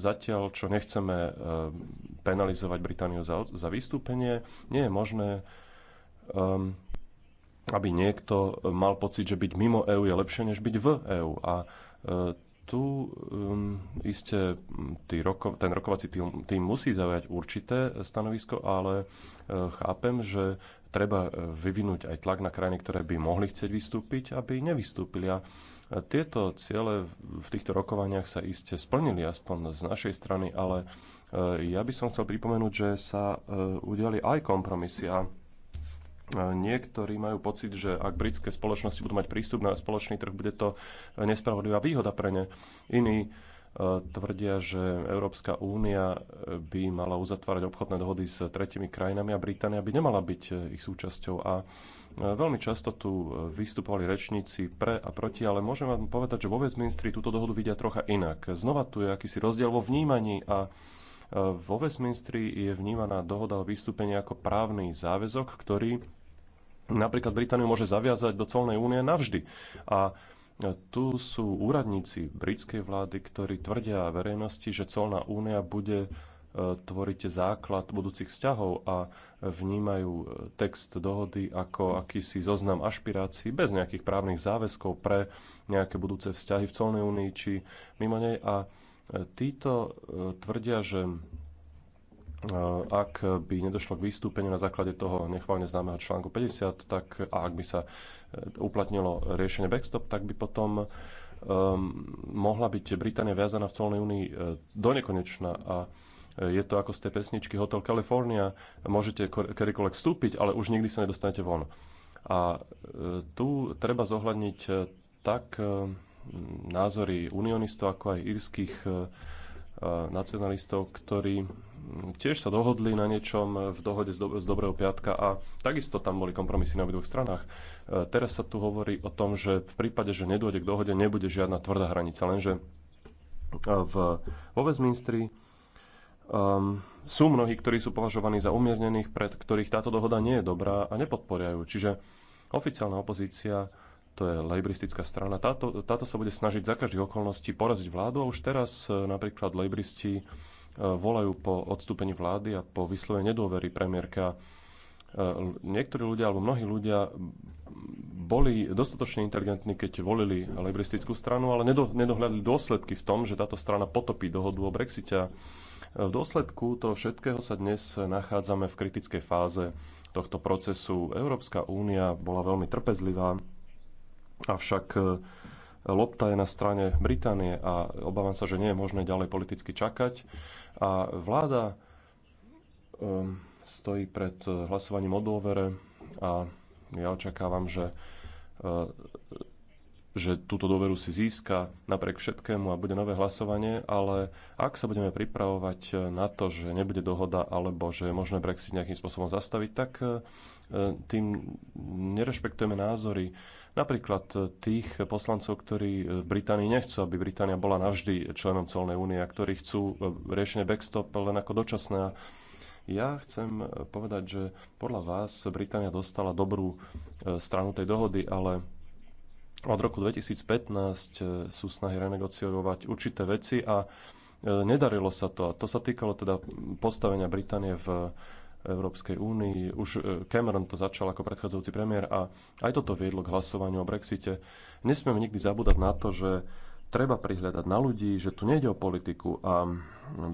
zatiaľ, čo nechceme penalizovať Britániu za, za vystúpenie, nie je možné aby niekto mal pocit, že byť mimo EÚ je lepšie, než byť v EÚ. A tu um, iste tý roko, ten rokovací tým, tým musí zaujať určité stanovisko, ale uh, chápem, že treba e, vyvinúť aj tlak na krajiny, ktoré by mohli chcieť vystúpiť, aby nevystúpili. A e, tieto ciele v týchto rokovaniach sa iste splnili, aspoň z našej strany, ale ja by som chcel pripomenúť, že sa udiali aj kompromisy. A Niektorí majú pocit, že ak britské spoločnosti budú mať prístup na spoločný trh, bude to nespravodlivá výhoda pre ne. Iní e, tvrdia, že Európska únia by mala uzatvárať obchodné dohody s tretimi krajinami a Británia by nemala byť e, ich súčasťou. A e, veľmi často tu vystupovali rečníci pre a proti, ale môžem vám povedať, že vo Westminstri túto dohodu vidia trocha inak. Znova tu je akýsi rozdiel vo vnímaní a vo Westminstri je vnímaná dohoda o vystúpení ako právny záväzok, ktorý napríklad Britániu môže zaviazať do colnej únie navždy. A tu sú úradníci britskej vlády, ktorí tvrdia verejnosti, že colná únia bude e, tvoriť základ budúcich vzťahov a vnímajú e, text dohody ako akýsi zoznam ašpirácií bez nejakých právnych záväzkov pre nejaké budúce vzťahy v colnej únii či mimo nej. A e, títo tvrdia, že Eh, ak by nedošlo k vystúpeniu na základe toho nechválne známeho článku 50, tak a ak by sa eh, uplatnilo riešenie backstop, tak by potom um, mohla byť Británia viazaná v celnej únii eh, do nekonečna a je to ako z tej pesničky Hotel California, môžete kedykoľvek vstúpiť, ale už nikdy sa nedostanete von. A tu treba zohľadniť tak názory unionistov, ako aj írskych nacionalistov, ktorí tiež sa dohodli na niečom v dohode z, do, z Dobrého piatka a takisto tam boli kompromisy na obidvoch stranách. E, teraz sa tu hovorí o tom, že v prípade, že nedôjde k dohode, nebude žiadna tvrdá hranica, lenže e, v, vo Westminstri um, e, sú mnohí, ktorí sú považovaní za umiernených, pred ktorých táto dohoda nie je dobrá a nepodporiajú. Čiže oficiálna opozícia to je lejbristická strana. Táto, táto sa bude snažiť za každých okolností poraziť vládu a už teraz napríklad lejbristi E, volajú po odstúpení vlády a po vyslovení nedôvery premiérka. E, niektorí ľudia, alebo mnohí ľudia boli dostatočne inteligentní, keď volili lebristickú stranu, ale nedohľadili dôsledky v tom, že táto strana potopí dohodu o Brexite. E, v dôsledku toho všetkého sa dnes nachádzame v kritickej fáze tohto procesu. Európska únia bola veľmi trpezlivá, avšak lopta je na strane Británie a obávam sa, že nie je možné ďalej politicky čakať. A vláda um, stojí pred uh, hlasovaním o dôvere a ja očakávam, že, uh, že túto dôveru si získa napriek všetkému a bude nové hlasovanie, ale ak sa budeme pripravovať uh, na to, že nebude dohoda alebo že je možné Brexit nejakým spôsobom zastaviť, tak tým nerešpektujeme názory Napríklad e, tých poslancov, ktorí e, v Británii nechcú, aby Británia bola navždy členom colnej únie a ktorí chcú e, riešenie backstop len ako dočasné. Ja chcem povedať, že podľa vás Británia dostala dobrú stranu tej dohody, ale od roku 2015 sú snahy renegociovať určité veci a nedarilo sa to. A to sa týkalo teda postavenia Británie v Európskej únii. Už e, Cameron to začal ako predchádzajúci premiér a aj toto viedlo k hlasovaniu o Brexite. Nesmieme nikdy zabúdať na to, že treba prihľadať na ľudí, že tu nejde o politiku a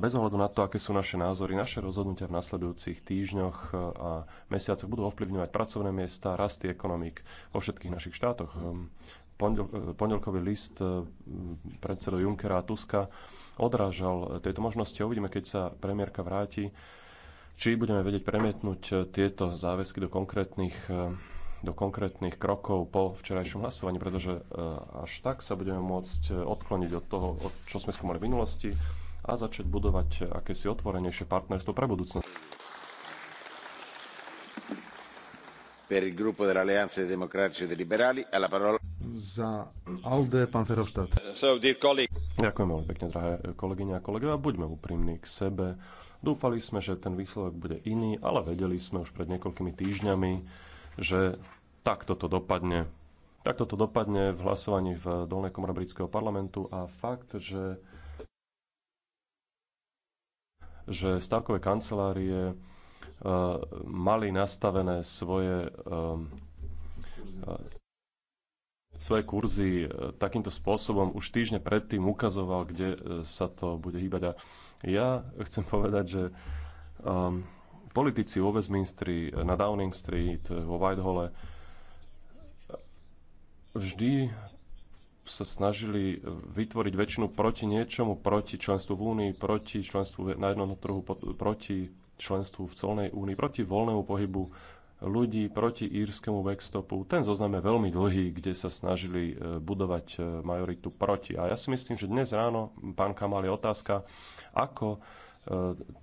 bez ohľadu na to, aké sú naše názory, naše rozhodnutia v nasledujúcich týždňoch a mesiacoch budú ovplyvňovať pracovné miesta, rasty ekonomík vo všetkých našich štátoch. Ehm, e, pondelkový list e, predsedu Junckera a Tuska odrážal tieto možnosti. Uvidíme, keď sa premiérka vráti, či budeme vedieť premietnúť e, tieto záväzky do konkrétnych, e, do konkrétnych krokov po včerajšom hlasovaní, pretože e, až tak sa budeme môcť odkloniť od toho, čo sme skúmali v minulosti a začať budovať akési otvorenejšie partnerstvo pre budúcnosť. E Ďakujem veľmi pekne, drahé Buďme úprimní k sebe. Dúfali sme, že ten výsledok bude iný, ale vedeli sme už pred niekoľkými týždňami, že takto to dopadne. Takto to dopadne v hlasovaní v Dolnej komore britského parlamentu a fakt, že že stavkové kancelárie Eh, mali nastavené svoje eh, eh, svoje kurzy takýmto spôsobom už týždne predtým ukazoval, kde sa to bude hýbať. A ja chcem povedať, že um, politici vo Westminstri, na Downing Street, vo Whitehalle vždy sa snažili vytvoriť väčšinu proti niečomu, proti členstvu v Únii, proti členstvu na jednom trhu, proti členstvu v colnej únii, proti voľnému pohybu ľudí, proti írskemu backstopu. Ten zoznam je veľmi dlhý, kde sa snažili e, budovať e, majoritu proti. A ja si myslím, že dnes ráno, pán Kamal, je otázka, ako e,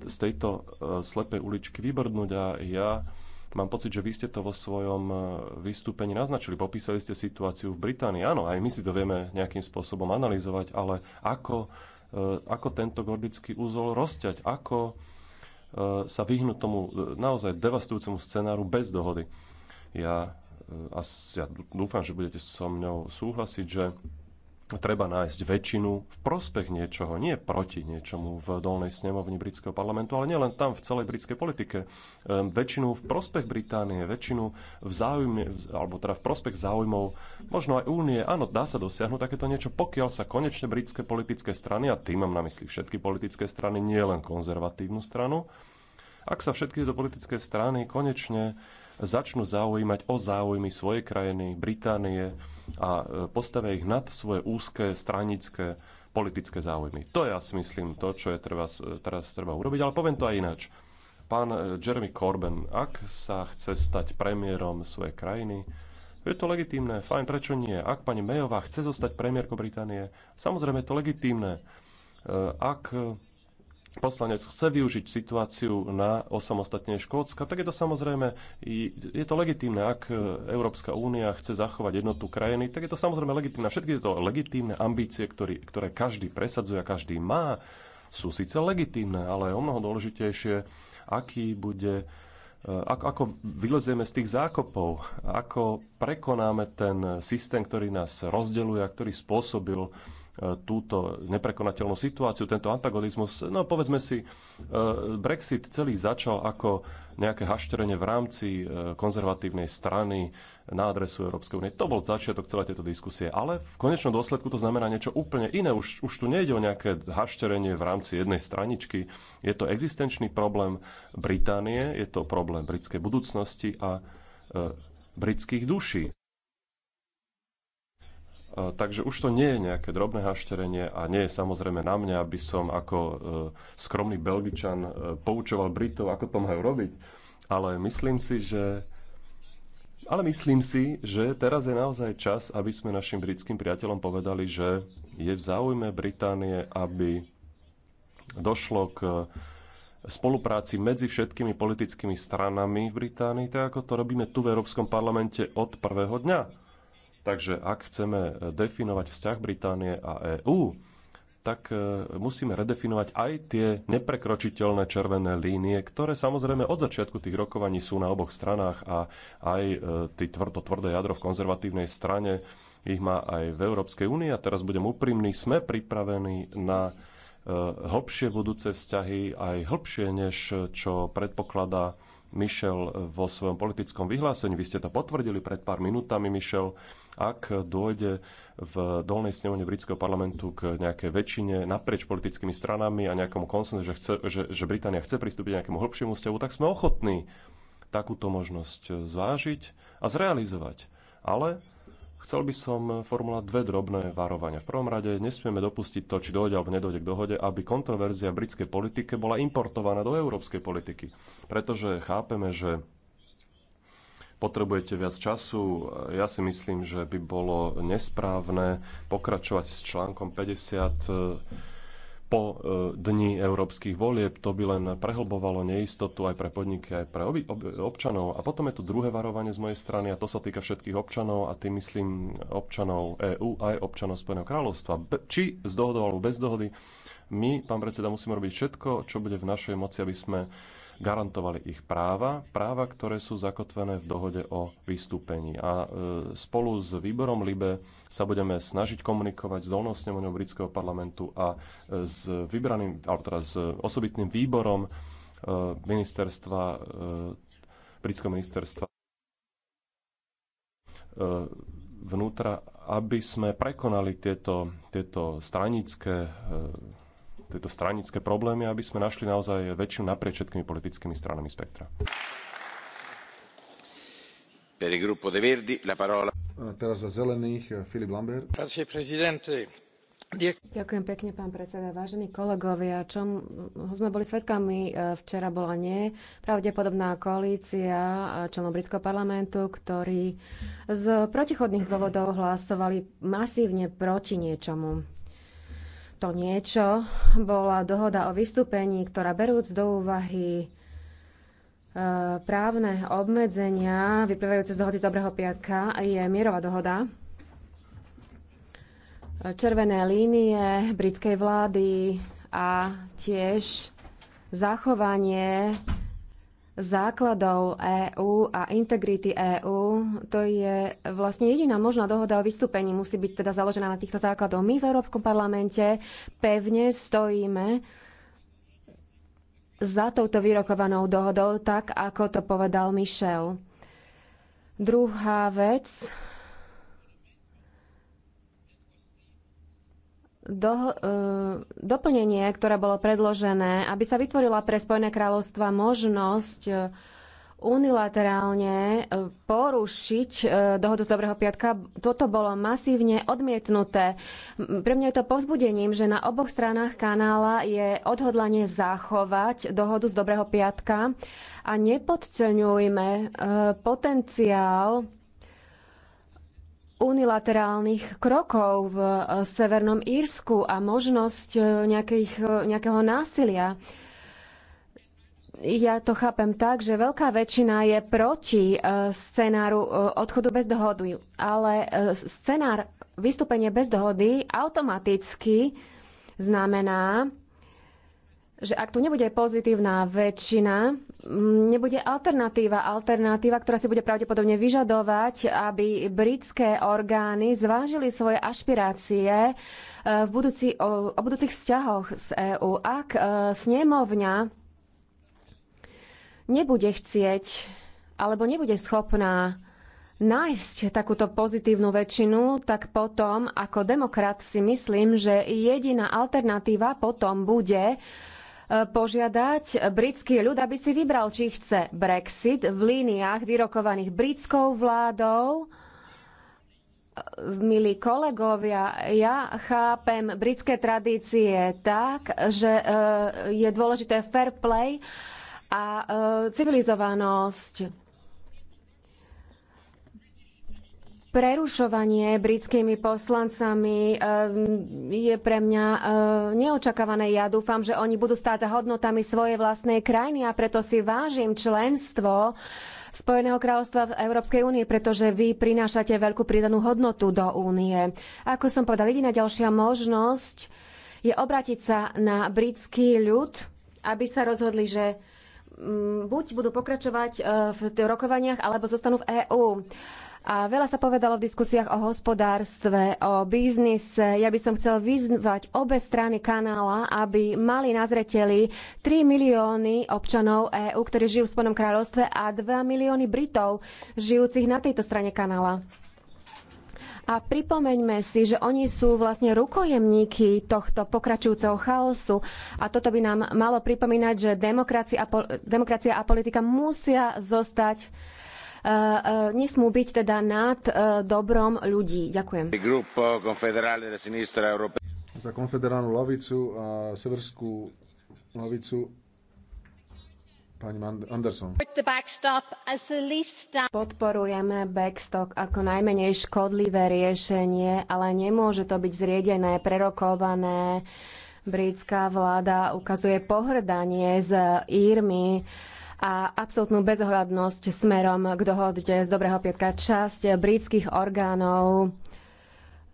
z tejto slepej uličky vybrdnúť. A ja mám pocit, že vy ste to vo svojom vystúpení naznačili. Popísali ste situáciu v Británii. Áno, aj my si to vieme nejakým spôsobom analyzovať, ale ako, ako tento gordický úzol rozťať, ako E, sa vyhnúť tomu e, naozaj devastujúcemu scenáru bez dohody. Ja, e, a ja dúfam, že budete so mnou súhlasiť, že treba nájsť väčšinu v prospech niečoho, nie proti niečomu v dolnej snemovni britského parlamentu, ale nielen tam, v celej britskej politike. Um, väčšinu v prospech Británie, väčšinu v záujme, alebo teda v prospech záujmov, možno aj únie. Áno, dá sa dosiahnuť takéto niečo, pokiaľ sa konečne britské politické strany, a tým mám na mysli všetky politické strany, nie len konzervatívnu stranu, ak sa všetky tieto politické strany konečne začnú zaujímať o záujmy svojej krajiny, Británie a e, postavia ich nad svoje úzke stranické politické záujmy. To je si myslím, to, čo je treba, teraz treba urobiť, ale poviem to aj ináč. Pán e, Jeremy Corbyn, ak sa chce stať premiérom svojej krajiny, je to legitímne, fajn, prečo nie? Ak pani Mayová chce zostať premiérkou Británie, samozrejme je to legitímne. E, ak poslanec chce využiť situáciu na osamostatnenie Škótska, tak je to samozrejme, je to legitímne, ak e, Európska únia chce zachovať jednotu krajiny, tak je to samozrejme legitímne. Všetky tieto legitímne ambície, ktorý, ktoré každý presadzuje a každý má, sú síce legitímne, ale o mnoho dôležitejšie, aký bude e, ako, ako vylezieme z tých zákopov, ako prekonáme ten systém, ktorý nás rozdeluje a ktorý spôsobil E, túto neprekonateľnú situáciu, tento antagonizmus. No povedzme si, e, Brexit celý začal ako nejaké hašterenie v rámci e, konzervatívnej strany na adresu Európskej únie. To bol začiatok celej tejto diskusie. Ale v konečnom dôsledku to znamená niečo úplne iné. Už, už tu nejde o nejaké hašterenie v rámci jednej straničky. Je to existenčný problém Británie, je to problém britskej budúcnosti a britských duší. Takže už to nie je nejaké drobné hašterenie a nie je samozrejme na mňa, aby som ako e, skromný Belgičan e, poučoval Britov, ako to majú robiť. Ale myslím si, že ale myslím si, že teraz je naozaj čas, aby sme našim britským priateľom povedali, že je v záujme Británie, aby došlo k e, spolupráci medzi všetkými politickými stranami v Británii, tak ako to robíme tu v Európskom parlamente od prvého dňa Takže ak chceme eh, definovať vzťah Británie a EÚ, tak eh, musíme redefinovať aj tie neprekročiteľné červené línie, ktoré samozrejme od začiatku tých rokovaní sú na oboch stranách a aj eh, tí tvrdo, tvrdé jadro v konzervatívnej strane ich má aj v Európskej únii. A teraz budem úprimný, sme pripravení na hlbšie budúce vzťahy, aj hlbšie, než čo predpokladá Michel vo svojom politickom vyhlásení. Vy ste to potvrdili pred pár minútami, Michel. Ak dojde v dolnej snemone britského parlamentu k nejakej väčšine naprieč politickými stranami a nejakomu konsenzu, že, chce, že, že Británia chce pristúpiť nejakému hĺbšiemu vzťahu, tak sme ochotní takúto možnosť zvážiť a zrealizovať. Ale Chcel by som formulovať dve drobné varovania. V prvom rade nesmieme dopustiť to, či dojde alebo nedojde k dohode, aby kontroverzia britskej politike bola importovaná do európskej politiky. Pretože chápeme, že potrebujete viac času. Ja si myslím, že by bolo nesprávne pokračovať s článkom 50 po e, dni európskych volieb. To by len prehlbovalo neistotu aj pre podniky, aj pre obi, ob, občanov. A potom je tu druhé varovanie z mojej strany a to sa týka všetkých občanov a tým myslím občanov EÚ aj občanov Spojeného kráľovstva. Be, či z dohodov alebo bez dohody, my, pán predseda, musíme robiť všetko, čo bude v našej moci, aby sme garantovali ich práva, práva, ktoré sú zakotvené v dohode o vystúpení. A e, spolu s výborom LIBE sa budeme snažiť komunikovať s dolnou snemoňou britského parlamentu a e, s vybraným, alebo teda s osobitným výborom e, ministerstva, britského ministerstva vnútra, aby sme prekonali tieto, tieto stranické tieto stranické problémy, aby sme našli naozaj väčšiu naprieč všetkými politickými stranami spektra. Per il gruppo de Verdi, la parola. teraz za zelených eh, Filip Lambert. Grazie, presidente. Ďakujem pekne, pán predseda. Vážení kolegovia, čom sme boli svetkami eh, včera bola nie. Pravdepodobná koalícia eh, členov britského parlamentu, ktorí z protichodných dôvodov hlasovali masívne proti niečomu to niečo bola dohoda o vystúpení, ktorá berúc do úvahy e, právne obmedzenia vyplývajúce z dohody z Dobrého piatka je mierová dohoda. Červené línie britskej vlády a tiež zachovanie základov EÚ a integrity EÚ, to je vlastne jediná možná dohoda o vystúpení, musí byť teda založená na týchto základoch. My v Európskom parlamente pevne stojíme za touto vyrokovanou dohodou, tak ako to povedal Michel. Druhá vec, do, uh, e, doplnenie, ktoré bolo predložené, aby sa vytvorila pre Spojené kráľovstva možnosť e, unilaterálne e, porušiť dohodu z Dobrého piatka. Toto bolo masívne odmietnuté. Pre mňa je to povzbudením, že na oboch stranách kanála je odhodlanie zachovať dohodu z Dobrého piatka a nepodceňujme potenciál unilaterálnych krokov v e, Severnom Írsku a možnosť e, nejakých, e, nejakého násilia. Ja to chápem tak, že veľká väčšina je proti scenáru odchodu bez dohody, ale scenár vystúpenie bez dohody automaticky znamená, že ak tu nebude pozitívna väčšina, nebude alternatíva. Alternatíva, ktorá si bude pravdepodobne vyžadovať, aby britské orgány zvážili svoje ašpirácie e, v budúci, o, o budúcich vzťahoch s EÚ. Ak e, snemovňa nebude chcieť alebo nebude schopná nájsť takúto pozitívnu väčšinu, tak potom ako demokrat si myslím, že jediná alternatíva potom bude E, požiadať britský ľud, aby si vybral, či chce Brexit v líniách vyrokovaných britskou vládou. E, milí kolegovia, ja chápem britské tradície tak, že e, je dôležité fair play a civilizovanosť Prerušovanie britskými poslancami ehm, je pre mňa ehm, neočakávané. Ja dúfam, že oni budú stáť hodnotami svojej vlastnej krajiny a preto si vážim členstvo Spojeného kráľovstva v Európskej únie, pretože vy prinášate veľkú pridanú hodnotu do únie. Ako som povedal, jediná ďalšia možnosť je obrátiť sa na britský ľud, aby sa rozhodli, že mm, buď budú pokračovať ehm, v rokovaniach, alebo zostanú v EÚ. A veľa sa povedalo v diskusiách o hospodárstve, o biznise. Ja by som chcel vyzvať obe strany kanála, aby mali na zreteli 3 milióny občanov EÚ, ktorí žijú v Spojenom kráľovstve a 2 milióny Britov žijúcich na tejto strane kanála. A pripomeňme si, že oni sú vlastne rukojemníky tohto pokračujúceho chaosu a toto by nám malo pripomínať, že demokracia a, po, demokracia a politika musia zostať E, e, nesmú byť teda nad e, dobrom ľudí. Ďakujem. Za konfederálnu lavicu a severskú lavicu pani Anderson. Podporujeme backstop ako najmenej škodlivé riešenie, ale nemôže to byť zriedené, prerokované britská vláda ukazuje pohrdanie s Írmi a absolútnu bezohľadnosť smerom k dohode z Dobrého pietka. Časť britských orgánov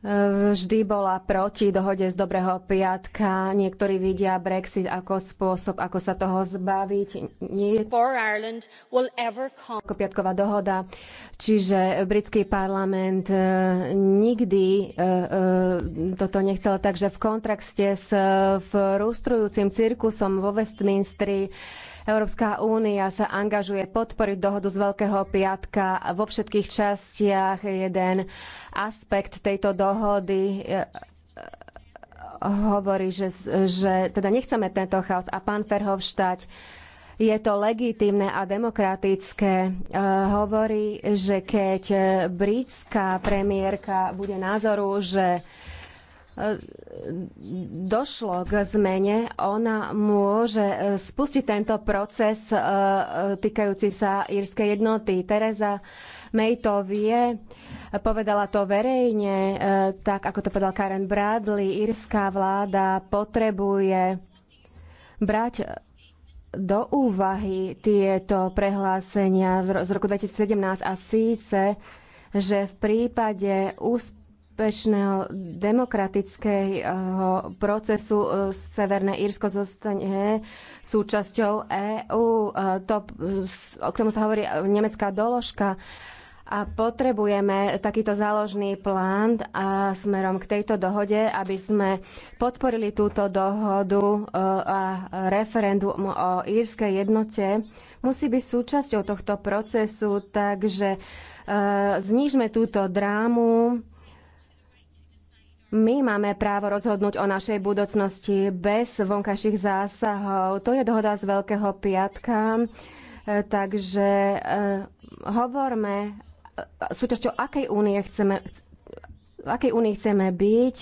e, vždy bola proti dohode z Dobrého piatka. Niektorí vidia Brexit ako spôsob, ako sa toho zbaviť. Nie je ako piatková dohoda. Čiže britský parlament e, nikdy e, toto nechcel. Takže v kontrakte s frustrujúcim cirkusom vo Westminstri Európska únia sa angažuje podporiť dohodu z Veľkého piatka vo všetkých častiach. Jeden aspekt tejto dohody e, e, hovorí, že, že teda nechceme tento chaos. A pán Ferhovštať, je to legitímne a demokratické. E, hovorí, že keď e, britská premiérka bude názoru, že došlo k zmene, ona môže e, spustiť tento proces e, e, týkajúci sa írskej jednoty. Tereza May to vie, povedala to verejne, tak ako to povedal Karen Bradley, írska vláda potrebuje brať do úvahy tieto prehlásenia z roku 2017 a síce, že v prípade úspešnosti úspešného demokratického procesu e, Severné Írsko zostane súčasťou EÚ. E, to, e, k tomu sa hovorí nemecká doložka a potrebujeme takýto záložný plán a smerom k tejto dohode, aby sme podporili túto dohodu a referendum o írskej jednote, musí byť súčasťou tohto procesu, takže znížme túto drámu my máme právo rozhodnúť o našej budúcnosti bez vonkajších zásahov. To je dohoda z Veľkého piatka. E, takže e, hovorme e, súčasťou, akej únie chceme, v akej únie chceme byť.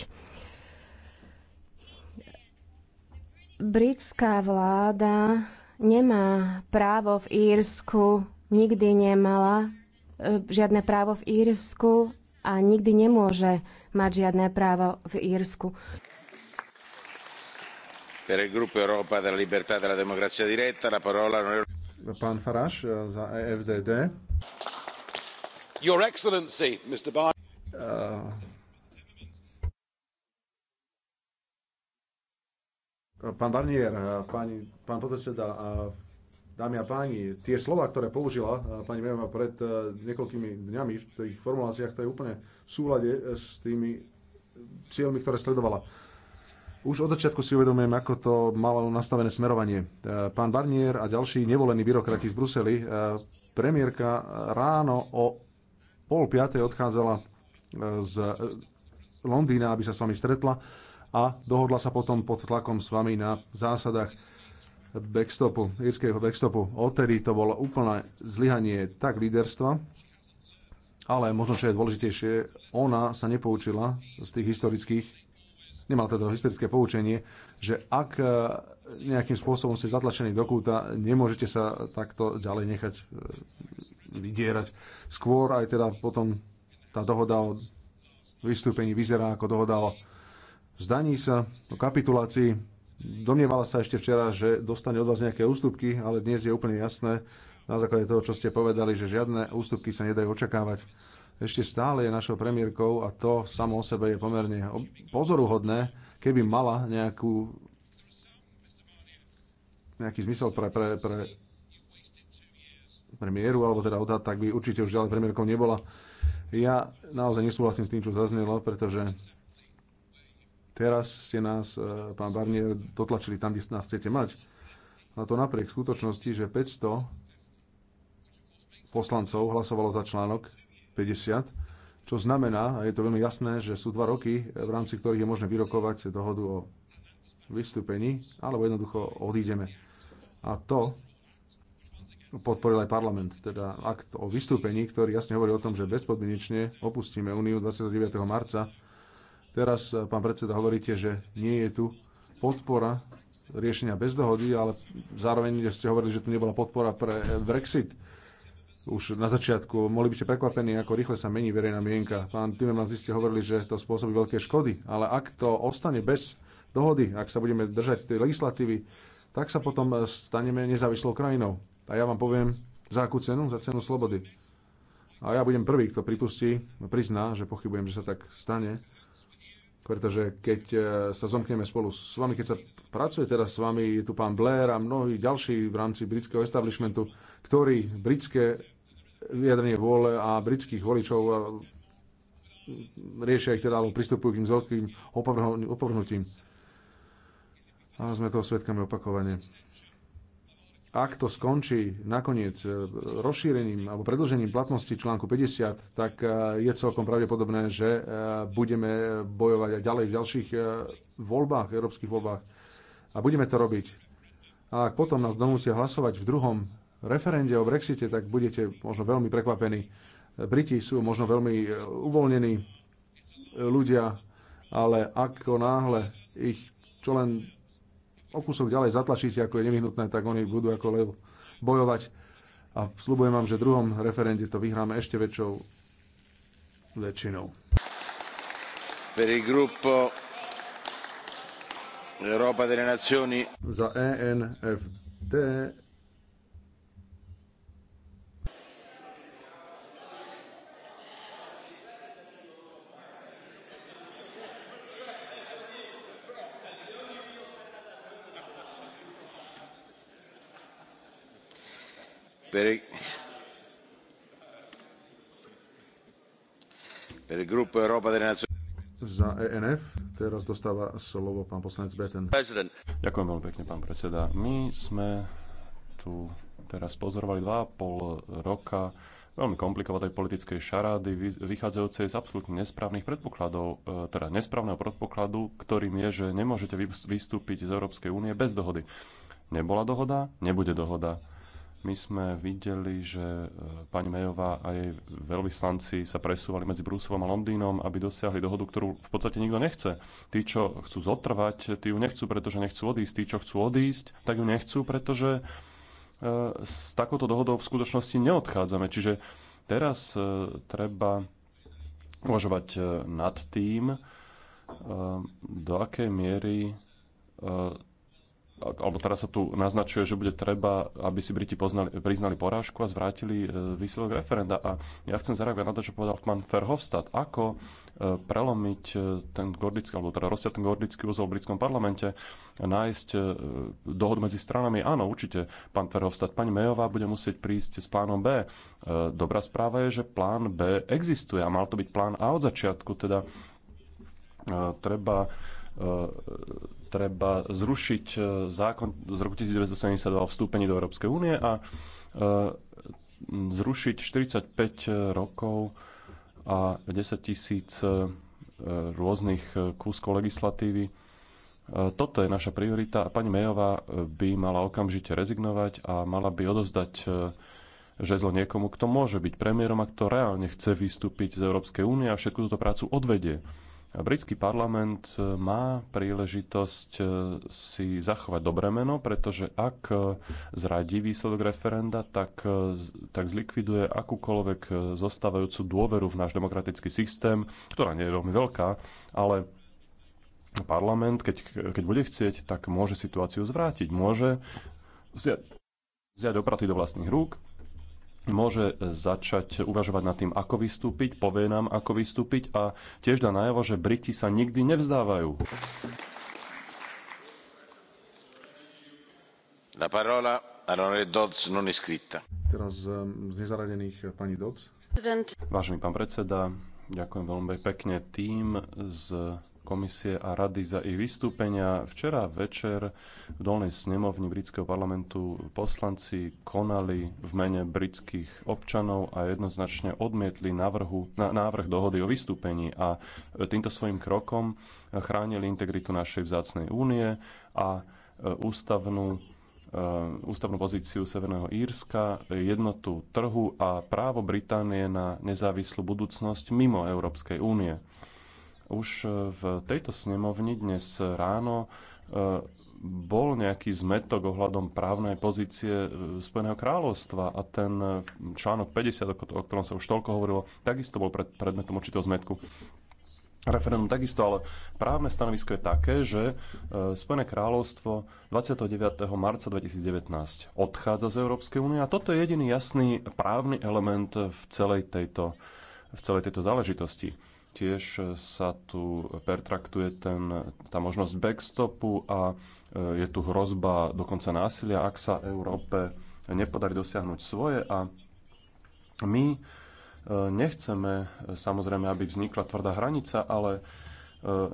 Britská vláda nemá právo v Írsku, nikdy nemala žiadne právo v Írsku a nikdy nemôže mať žiadne právo v Írsku. Pán e Faráš eh, za EFDD. Your Excellency, Mr. Bar- uh, eh, pán Barnier, eh, pani, pán podpredseda Dámy a páni, tie slova, ktoré použila eh, pani Mema pred eh, niekoľkými dňami v tých formuláciách, to je úplne v súlade eh, s tými cieľmi, ktoré sledovala. Už od začiatku si uvedomujem, ako to malo nastavené smerovanie. Pán Barnier a ďalší nevolení byrokrati z Bruseli, premiérka ráno o pol piatej odchádzala z Londýna, aby sa s vami stretla a dohodla sa potom pod tlakom s vami na zásadách backstopu, írskeho backstopu. Odtedy to bolo úplné zlyhanie tak líderstva, ale možno, čo je dôležitejšie, ona sa nepoučila z tých historických, nemala teda historické poučenie, že ak e, nejakým spôsobom ste zatlačení do kúta, nemôžete sa takto ďalej nechať e, vydierať. Skôr aj teda potom tá dohoda o vystúpení vyzerá ako dohoda o vzdaní sa, o kapitulácii Domnievala sa ešte včera, že dostane od vás nejaké ústupky, ale dnes je úplne jasné, na základe toho, čo ste povedali, že žiadne ústupky sa nedajú očakávať. Ešte stále je našou premiérkou a to samo o sebe je pomerne pozoruhodné, keby mala nejakú, nejaký zmysel pre, pre, pre premiéru, alebo teda odhad, tak by určite už ďalej premiérkou nebola. Ja naozaj nesúhlasím s tým, čo zaznelo, pretože Teraz ste nás, e, pán Barnier, dotlačili tam, kde nás chcete mať. A to napriek skutočnosti, že 500 poslancov hlasovalo za článok 50, čo znamená, a je to veľmi jasné, že sú dva roky, v rámci ktorých je možné vyrokovať dohodu o vystúpení, alebo jednoducho odídeme. A to podporil aj parlament, teda akt o vystúpení, ktorý jasne hovorí o tom, že bezpodmienečne opustíme Úniu 29. marca Teraz, eh, pán predseda, hovoríte, že nie je tu podpora riešenia bez dohody, ale zároveň ste hovorili, že tu nebola podpora pre eh, Brexit už na začiatku. Mohli by ste prekvapení, ako rýchle sa mení verejná mienka. Pán Timmermans, vy ste hovorili, že to spôsobí veľké škody, ale ak to ostane bez dohody, ak sa budeme držať tej legislatívy, tak sa potom eh, staneme nezávislou krajinou. A ja vám poviem, za akú cenu? Za cenu slobody. A ja budem prvý, kto pripustí, prizná, že pochybujem, že sa tak stane pretože keď e, sa zomkneme spolu s vami, keď sa pracuje teraz s vami, je tu pán Blair a mnohí ďalší v rámci britského establishmentu, ktorí britské vyjadrenie vôle a britských voličov e, riešia ich teda, alebo pristupujú k ním s veľkým opovrhnutím. A sme toho svetkami opakovane ak to skončí nakoniec e, rozšírením alebo predlžením platnosti článku 50, tak e, je celkom pravdepodobné, že e, budeme bojovať aj ďalej v ďalších voľbách, európskych voľbách. A budeme to robiť. A ak potom nás donútia hlasovať v druhom referende o Brexite, tak budete možno veľmi prekvapení. Briti sú možno veľmi uvoľnení ľudia, ale ako náhle ich čo len o kusok ďalej zatlačíte, ako je nevyhnutné, tak oni budú ako lev bojovať. A slúbujem vám, že v druhom referende to vyhráme ešte väčšou väčšinou. Per il gruppo Europa delle Nazioni. Za ENFD za enf teraz dostáva slovo pán Ďakujem veľmi pekne, pán predseda. My sme tu teraz pozorovali dva pol roka veľmi komplikovanej politickej šarády, vychádzajúcej z absolútne nesprávnych predpokladov, e, teda nesprávneho predpokladu, ktorým je, že nemôžete vystúpiť z Európskej únie bez dohody. Nebola dohoda, nebude dohoda my sme videli, že e, pani Mejová a jej veľvyslanci sa presúvali medzi Brúsovom a Londýnom, aby dosiahli dohodu, ktorú v podstate nikto nechce. Tí, čo chcú zotrvať, tí ju nechcú, pretože nechcú odísť. Tí, čo chcú odísť, tak ju nechcú, pretože e, s takouto dohodou v skutočnosti neodchádzame. Čiže teraz e, treba uvažovať nad tým, do akej miery alebo teraz sa tu naznačuje, že bude treba, aby si Briti poznali, priznali porážku a zvrátili e, výsledok referenda. A ja chcem zareagovať na to, čo povedal pán Verhofstadt. Ako e, prelomiť e, ten gordický, alebo teda rozsiať ten gordický úzol v britskom parlamente, nájsť dohodu medzi stranami. Áno, určite, pán Verhofstadt, pani Mejová bude musieť prísť s plánom B. Dobrá správa je, že plán B existuje a mal to byť plán A od začiatku, teda treba treba zrušiť e, zákon z roku 1972 o vstúpení do Európskej únie a e, zrušiť 45 rokov a 10 tisíc e, rôznych kúskov legislatívy. Toto je naša priorita a pani Mejová by mala okamžite rezignovať a mala by odovzdať žezlo niekomu, kto môže byť premiérom a kto reálne chce vystúpiť z Európskej únie a všetku túto prácu odvedie. Britský parlament e, má príležitosť e, si zachovať dobré meno, pretože ak e, zradí výsledok referenda, tak, tak zlikviduje akúkoľvek zostávajúcu dôveru v náš demokratický systém, ktorá nie je veľmi veľká, ale parlament, keď, keď bude chcieť, tak môže situáciu zvrátiť. Môže vziať, vziať opraty do vlastných rúk môže e, začať uvažovať nad tým, ako vystúpiť, povie nám, ako vystúpiť a tiež dá najavo, že Briti sa nikdy nevzdávajú. La parola all'onorevole Dodds non scritta. Teraz e, z nezaradených e, pani Dodds. Vážený pán predseda, ďakujem veľmi pekne. Tým z komisie a rady za ich vystúpenia. Včera večer v Dolnej snemovni britského parlamentu poslanci konali v mene britských občanov a jednoznačne odmietli návrhu, na, návrh dohody o vystúpení a týmto svojim krokom chránili integritu našej vzácnej únie a e, ústavnú e, ústavnú pozíciu Severného Írska, jednotu trhu a právo Británie na nezávislú budúcnosť mimo Európskej únie. Už e, v tejto snemovni dnes ráno e, bol nejaký zmetok ohľadom právnej pozície e, Spojeného kráľovstva a ten článok 50, o ktorom sa už toľko hovorilo, takisto bol pred, predmetom určitého zmetku. Referendum takisto, ale právne stanovisko je také, že Spojené kráľovstvo 29. marca 2019 odchádza z Európskej únie a toto je jediný jasný právny element v celej tejto, v celej tejto záležitosti. Tiež sa tu pertraktuje ten, tá možnosť backstopu a e, je tu hrozba dokonca násilia, ak sa Európe nepodarí dosiahnuť svoje. A my e, nechceme samozrejme, aby vznikla tvrdá hranica, ale e,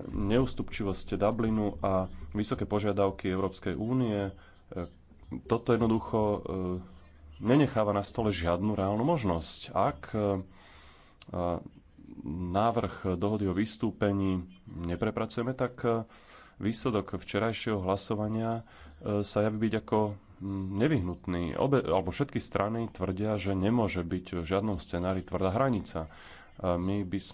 neustupčivosť Dublinu a vysoké požiadavky Európskej únie, toto jednoducho nenecháva na stole žiadnu reálnu možnosť. Ak návrh dohody o vystúpení neprepracujeme, tak eh, výsledok včerajšieho hlasovania eh, sa javí byť ako mm, nevyhnutný. Obe, alebo všetky strany tvrdia, že nemôže byť v žiadnom scenári tvrdá hranica. Eh, my by sme